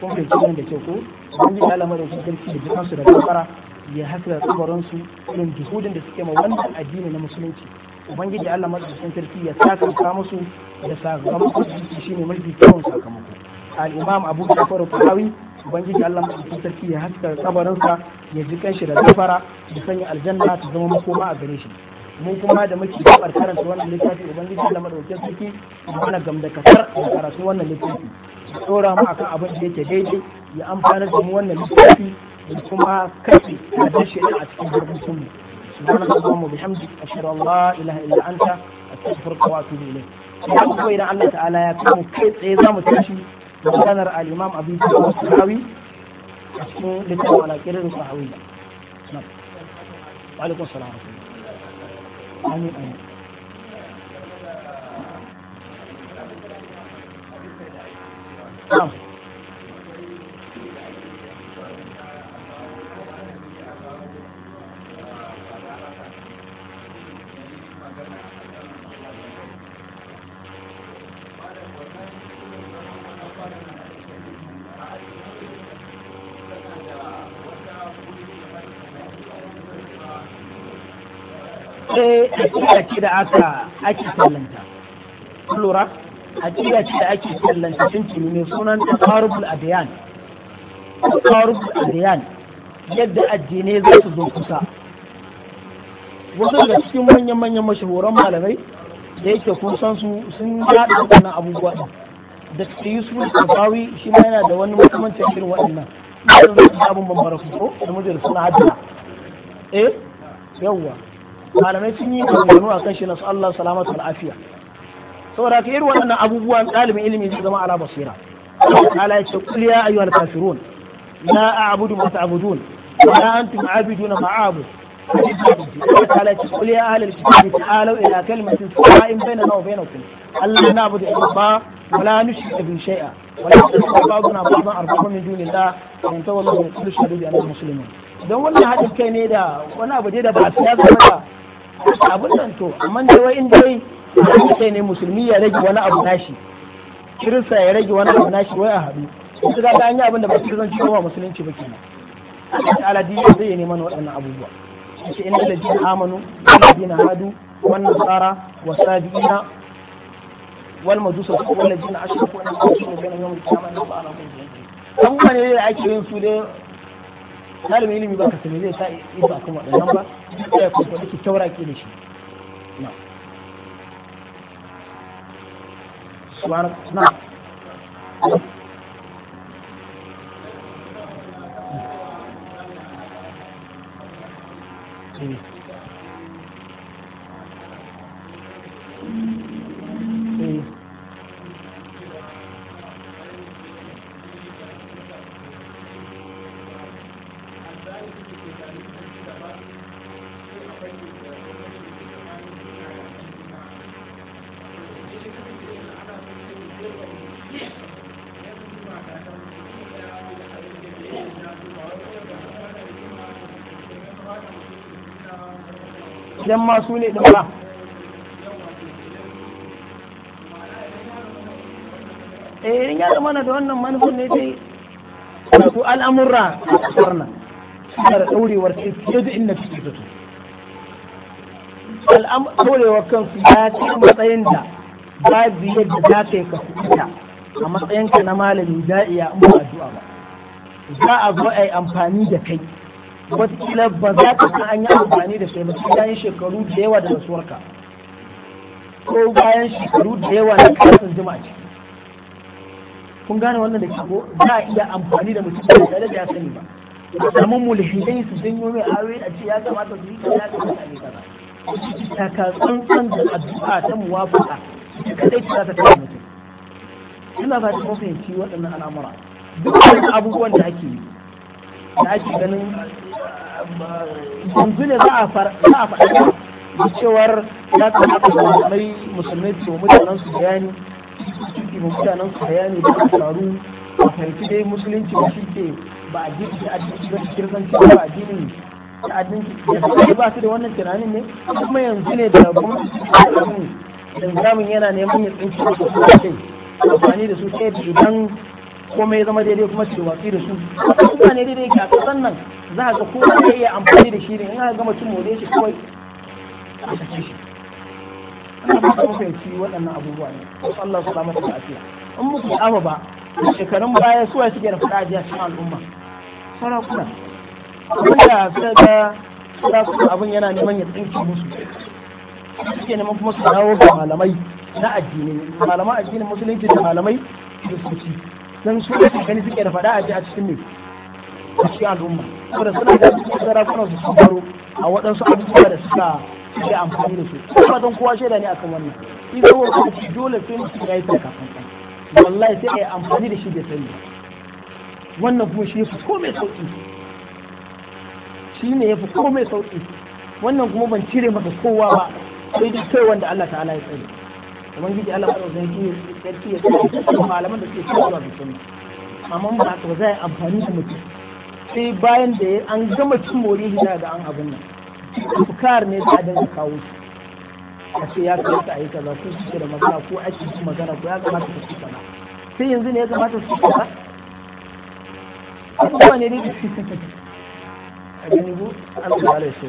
kun bai kiran da kyau ko sun ji alamar da sun sarki da jikansu da gafara ya hasa da tsubaransu irin juhudin da suke ma wannan addini na musulunci ubangiji Allah madaukakin sarki ya saka musu da sakamakon shi shine mulki kyawun sakamako al-imam Abu Ja'far al ubangiji Allah madaukakin sarki ya haska tsabarinsa, ya ji kanshi da zafara da sanya aljanna ta zama makoma a gare shi Mun kuma da muke gabar karanta wannan littafi ubangiji Allah madaukakin sarki mana gam da karatu wannan littafi ya dora mu akan abin da yake daidai ya amfanar da mu wannan littafi da kuma kafi da a cikin jirgin sunmu سبحانك اللهم وبحمدك اشهد ان لا اله الا انت استغفرك واتوب اليك سبحانك اللهم الى الله تعالى يكون كيف اذا مستشفي مقتنر الامام ابي بكر الصحاوي اسكن لكم على كرر الصحاوي نعم وعليكم السلام ورحمه الله امين امين نعم aƙida ce da aka ake sallanta lura aƙida ce da ake sallanta sun ce mai sunan tafarubul adiyan tafarubul adiyan yadda addinai za su zo kusa wasu daga cikin manyan-manyan mashahuran malamai da yake kun san su sun yaɗa waɗannan abubuwa ɗin da su yusuf tafawi shi ma yana da wani makamancin irin waɗannan mutum da abin bambara su ko da mutum suna hadda eh yawwa malamai sun yi maganganu a kan shi na Allah salamatu wal afiya saboda ka irin waɗannan abubuwan ɗalibin ilimi zai zama ala basira ala ya ce qul ya al kafirun la a'budu ma ta'budun wa la antum a'buduna ma a'budu تعالى قل يا أهل الكتاب تعالوا إلى كلمة سواء بيننا وبينكم ألا نعبد إلا الله ولا نشرك به شيئا ولا يتخذ بعضنا بعضا أربابا من دون الله وإن تولوا فقل اشهدوا بأننا مسلمون don wannan haɗin kai ne da wani abu da abin nan to amma dai wai in dai sai ne musulmi ya rage wani abu nashi kirista ya rage wani abu nashi wai a haɗu su ga an yi abin da ba zan ci wa musulunci ba kenan Allah ta'ala zai yi neman waɗannan abubuwa shi da jin amanu ladina hadu wan nasara wasabiina wal majusa wal ladina ashraku an yushriku bihim yawm al-qiyamah abubuwa ne da ake yin su dai ɗalibin ilimi ba ka sani zai sa ido akan waɗannan ba sai ya kuma ɗauki tauraki da shi na Thank you. idan ma su ne ɗin ba eh idan ya zama na da wannan manufar ne dai wato al'amurra a kasar nan suna da ɗaurewar ce fiye da inda suke fito ɗaurewar kansu ya ce matsayin da babu yadda za ka yi ka kuɗa a matsayinka na malami da'iya iya ba addu'a ba za a zo a yi amfani da kai wataƙila ba za ka san an yi amfani da kai ba bayan shekaru da yawa da rasuwarka ko bayan shekaru da yawa na kasan jima ce. kun gane wannan da ke ko za a iya amfani da mutum da tare ya sani ba a mulhidai su janyo mai aure a ce ya kamata su yi kaza ya kamata a yi taka tsantsan da addu'a ta muwafaka kadai ta ta kai mutum ina ba ta fahimci waɗannan al'amura dukkan abubuwan da ake yi da ake ganin yanzu ne za a faɗa da cewar ya kamata da musulmai musulmai su mutanen su bayani su mutanen su bayani da su faru a fahimci dai musulunci da shi ke ba addini da addini ba kirkanci ba addini da addini da ba su da wannan tunanin ne kuma yanzu ne da gwamnati da zamun yana neman ya tsinci da su kai amfani da su sai idan komai ya zama daidai kuma su watsi da su kuma ne daidai ka a kasan nan za a ga kowa ya iya amfani da shi ne in aka gama cin more shi kawai a sake shi ana ba waɗannan abubuwa ne ko Allah su lamata da asiya in muku awa ba shekarun baya suwa suke da faɗa ajiya cikin al'umma sarakuna wanda suka ga sarakuna abin yana neman ya tsinci musu suke neman kuma su dawo ga malamai na addini malaman addinin musulunci da malamai kiristoci dan su ne gani suke da fada a ji a cikin ne a cikin al'umma saboda suna da su sarakunan su su baro a waɗansu abubuwa da suka suke amfani da su kuma don kowa shaida ne akan wannan idan wani kuma ci dole sai mu ya yi kafin kan wallahi sai a yi amfani da shi da sani wannan kuma shi yafi komai sauki shi ne yafi komai sauki wannan kuma ban cire masa kowa ba sai dai kai wanda Allah ta'ala ya tsare ubangiji Allah mai zai sarki ya sa malaman da suke cewa da sunna amma ba ka ba zai amfani da mutum sai bayan da an gama cin mori hida da an abun nan fukar ne da dinga kawo su a ce ya kamata a yi kaza ko su da magana ko a ci magana ko ya kamata su kana sai yanzu ne ya kamata su kaza abubuwa ne dai da su kaza a ganin ko an da ya shi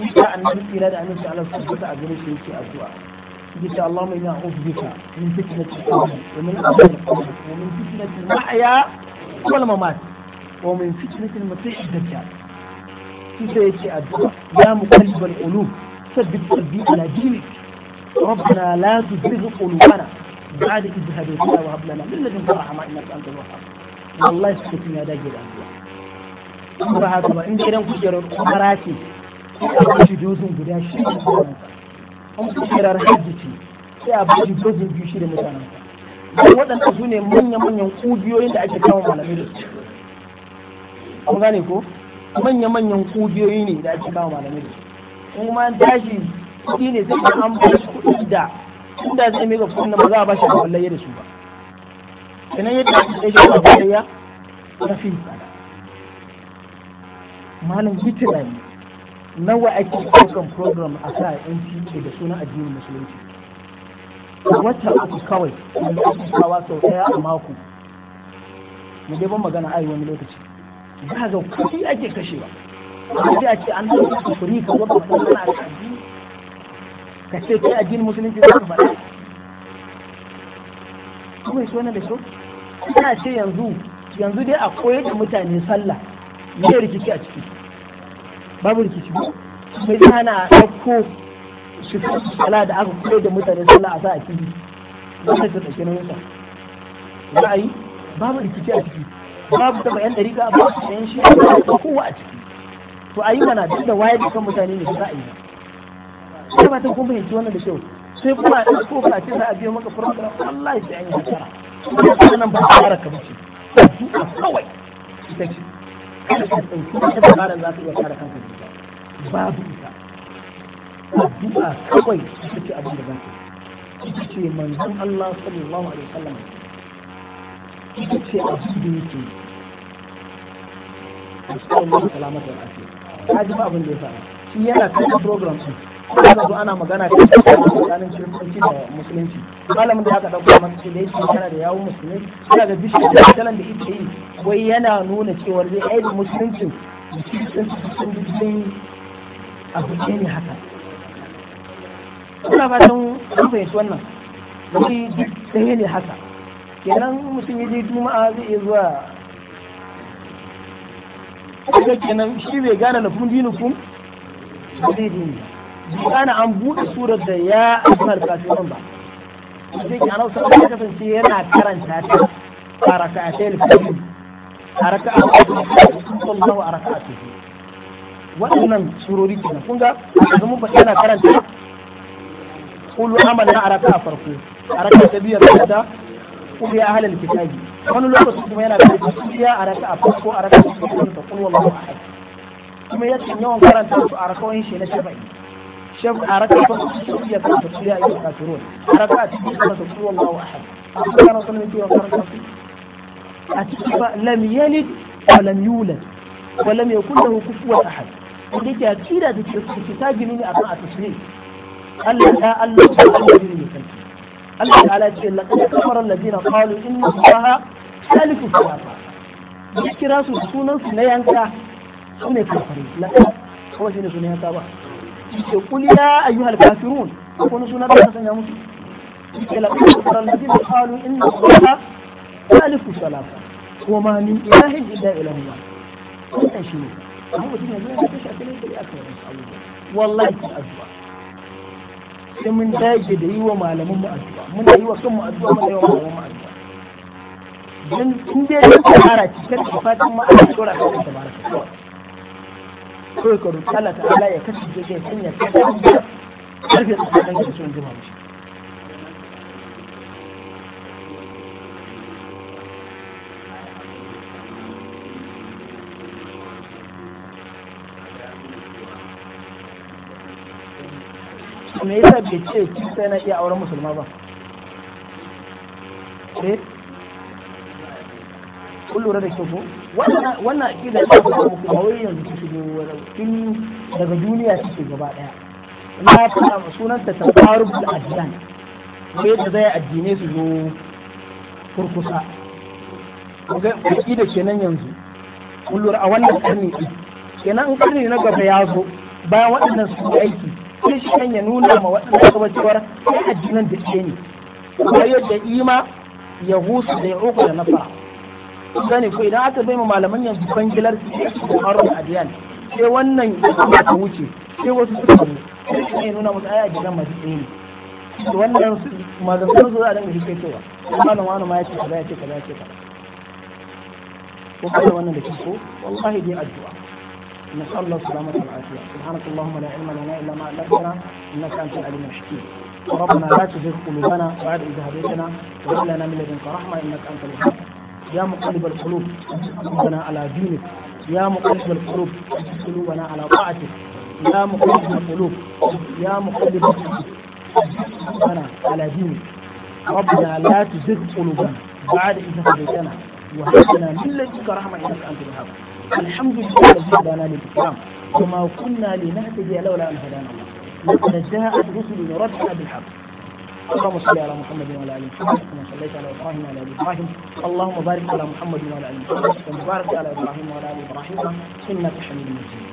ita annabi tsira da annabi Allah su tabbata a gare shi yake addu'a bisa Allahumma inna a'udhu min fitnati al-qabr wa min azabil qabr wa min fitnati al-mahya wal mamat wa min fitnati al-masih ad-dajjal ita yake addu'a ya muqallib al-qulub ثبت قلبي على دينك ربنا لا تزغ قلوبنا بعد إذ هديتنا وهب لنا من لدنك رحمة إنك أنت الوهاب والله سكتنا يا داجي الأنبياء أمر هذا إن كان كجر أمراتي sai a bashi dozin guda shi da mutanen an kujerar hajji ce sai a bashi dozin biyu shi da mutanen don waɗanda su ne manya-manyan ƙugiyoyin da ake kama malamai da su an gane ko manya-manyan ƙugiyoyi ne da ake kama malamai da su in kuma an tashi kuɗi ne sai an bashi kuɗi da inda zai mai ga kuɗin ba za a shi abin layya da su ba sannan yadda ake tsaye da abin layya rafi malam bitira ne nawa ake ɗaukan program a sa NTA da suna addinin musulunci wata uku kawai wanda ake kawa sau ɗaya a mako mu dai ban magana ai wani lokaci za ga kashi ake kashewa ba a ce an dauka da ka zo ka faɗa kana da addini ka ce kai addinin musulunci za ka faɗa kuma shi wannan da shi ina ce yanzu yanzu dai a koyar da mutane sallah me rikici a ciki babu rikici ko sai ta hana ɗauko shi sala da aka koyar da mutane sallah a sa a ciki ba ta tsaki na wuta za a yi babu rikici a ciki babu taba yan dariƙa ba su yan shi ba kowa a ciki to a yi mana duk da wayar da kan mutane ne za a yi sai ba ta kun fahimci wannan da kyau sai kuma a ɗauko ka ce za a biyo maka program wallahi sai an yi hasara wannan ba ta fara ka bace duka kawai ita ce kada ka ɗauki wata dabara za ka iya fara kanka babu ita addu'a kawai ita ce abin da zanta ita ce manzon Allah sallallahu alaihi wasallam ita ce abin da yake Assalamu alaikum da rahmatullahi Ta ji ba abin da ya faru shi yana cikin program din kuma zo ana magana da tsakanin musulunci da musulunci malamin da aka dauko a ce da yake yana da yawun musulmi yana da bishop da kalan da yake yi wai yana nuna cewa zai aiki musuluncin cikin cikin abu ɗaya ne haka ina fatan an fahimci wannan wani duk ɗaya ne haka kenan mutum ya je juma'a zai iya zuwa kaga kenan shi bai gane lafun dinukum ba zai dini bai gane an buɗe surar da ya asmar nan ba sai ki anau sai ka kasance yana karanta ta a raka'atai al-fajr a raka'atai sallallahu a raka'atai waɗannan surori ke kun ga a mun ba yana karanta qulu amanna a raka farko a raka ta biyar da qul ya ahlal kitabi wani lokaci kuma yana karanta suriya a raka a farko a raka ta biyar da qul wallahu ahad kuma yakan yawan karanta su a rakawoyin shi na shafa'i ta حركة الشخصية التفصيلية أيها الكافرون حركات الشخصية الله أحد أخبرنا صلى الله عليه وسلم لم يلد ولم يولد ولم يكن له كفوا أحد wanda yake aqida da ke ta gini ne akan at Allah ya Allah ya Allah ne kan Allah ta'ala ce laqad kafara alladhina qalu inna allaha salisu salasa ya kira su sunan su na yanka sune kafiri laqad kawai shine sunan yanka ba ce kul ya ayyuhal kafirun ko ne sunan da sanya musu ce laqad kafara alladhina qalu inna allaha salisu salasa وما من إله إلا إله واحد. هذا شيء. amma mutum yanzu ya kashe a filin aka wallahi ta addu'a sai mun dage da yi wa malaman mu addu'a yi wa kanmu addu'a muna yi wa malaman mu addu'a dan in dai ya tsara cikin da fatan ma Allah tsora ka da baraka kawai ka roƙi Allah ta'ala ya kashe ke sanya ka da karfe tsakanin da sun jima me yasa bai ce ki sai na iya auren musulma ba eh kun lura da kyau ko wannan aƙida ta kuma muku ba wai yanzu ta shigo tun daga duniya take gaba ɗaya na faɗa sunanta ta da adyan ko yadda zai addinai su zo kurkusa aƙida kenan yanzu kun lura a wannan karni kenan karni na gaba ya zo bayan waɗannan su aiki sai shi kan ya nuna ma waɗanda kuma cewar sai addinan da ke ne kuma yadda ima ya husu da ya uku da nafa gane ko idan aka bai ma malaman yanzu bangilar su da harin adiyan sai wannan ba ta wuce sai wasu suka zo sai ya nuna musu ayi addinan masu tsaye ne wannan magantar su za a dangane kai cewa malam wani ma ya ce kaza ya ce kaza ya ce kaza ko kada wannan da ke so wallahi dai addu'a نسأل الله السلامة والعافية سبحانك اللهم لا علم لنا إلا ما علمتنا إنك أنت العليم الحكيم ربنا لا تزغ قلوبنا بعد إذ هديتنا وهب لنا من لدنك رحمة إنك أنت الوهاب يا مقلب القلوب قلوبنا على دينك يا مقلب القلوب قلوبنا على طاعتك يا مقلب القلوب يا مقلب قلوبنا على دينك ربنا لا تزغ قلوبنا بعد إذ هديتنا وهب لنا من لدنك رحمة إنك أنت الوهاب alhamdulillah rabbil alamin islam kuma kunna linahtadi laula an hadana Allah لقد جاءت رسل ربنا بالحق اللهم صل على محمد وعلى ال محمد كما صليت على ابراهيم وعلى ال ابراهيم اللهم بارك على محمد وعلى ال محمد كما باركت على ابراهيم وعلى ال ابراهيم انك حميد مجيد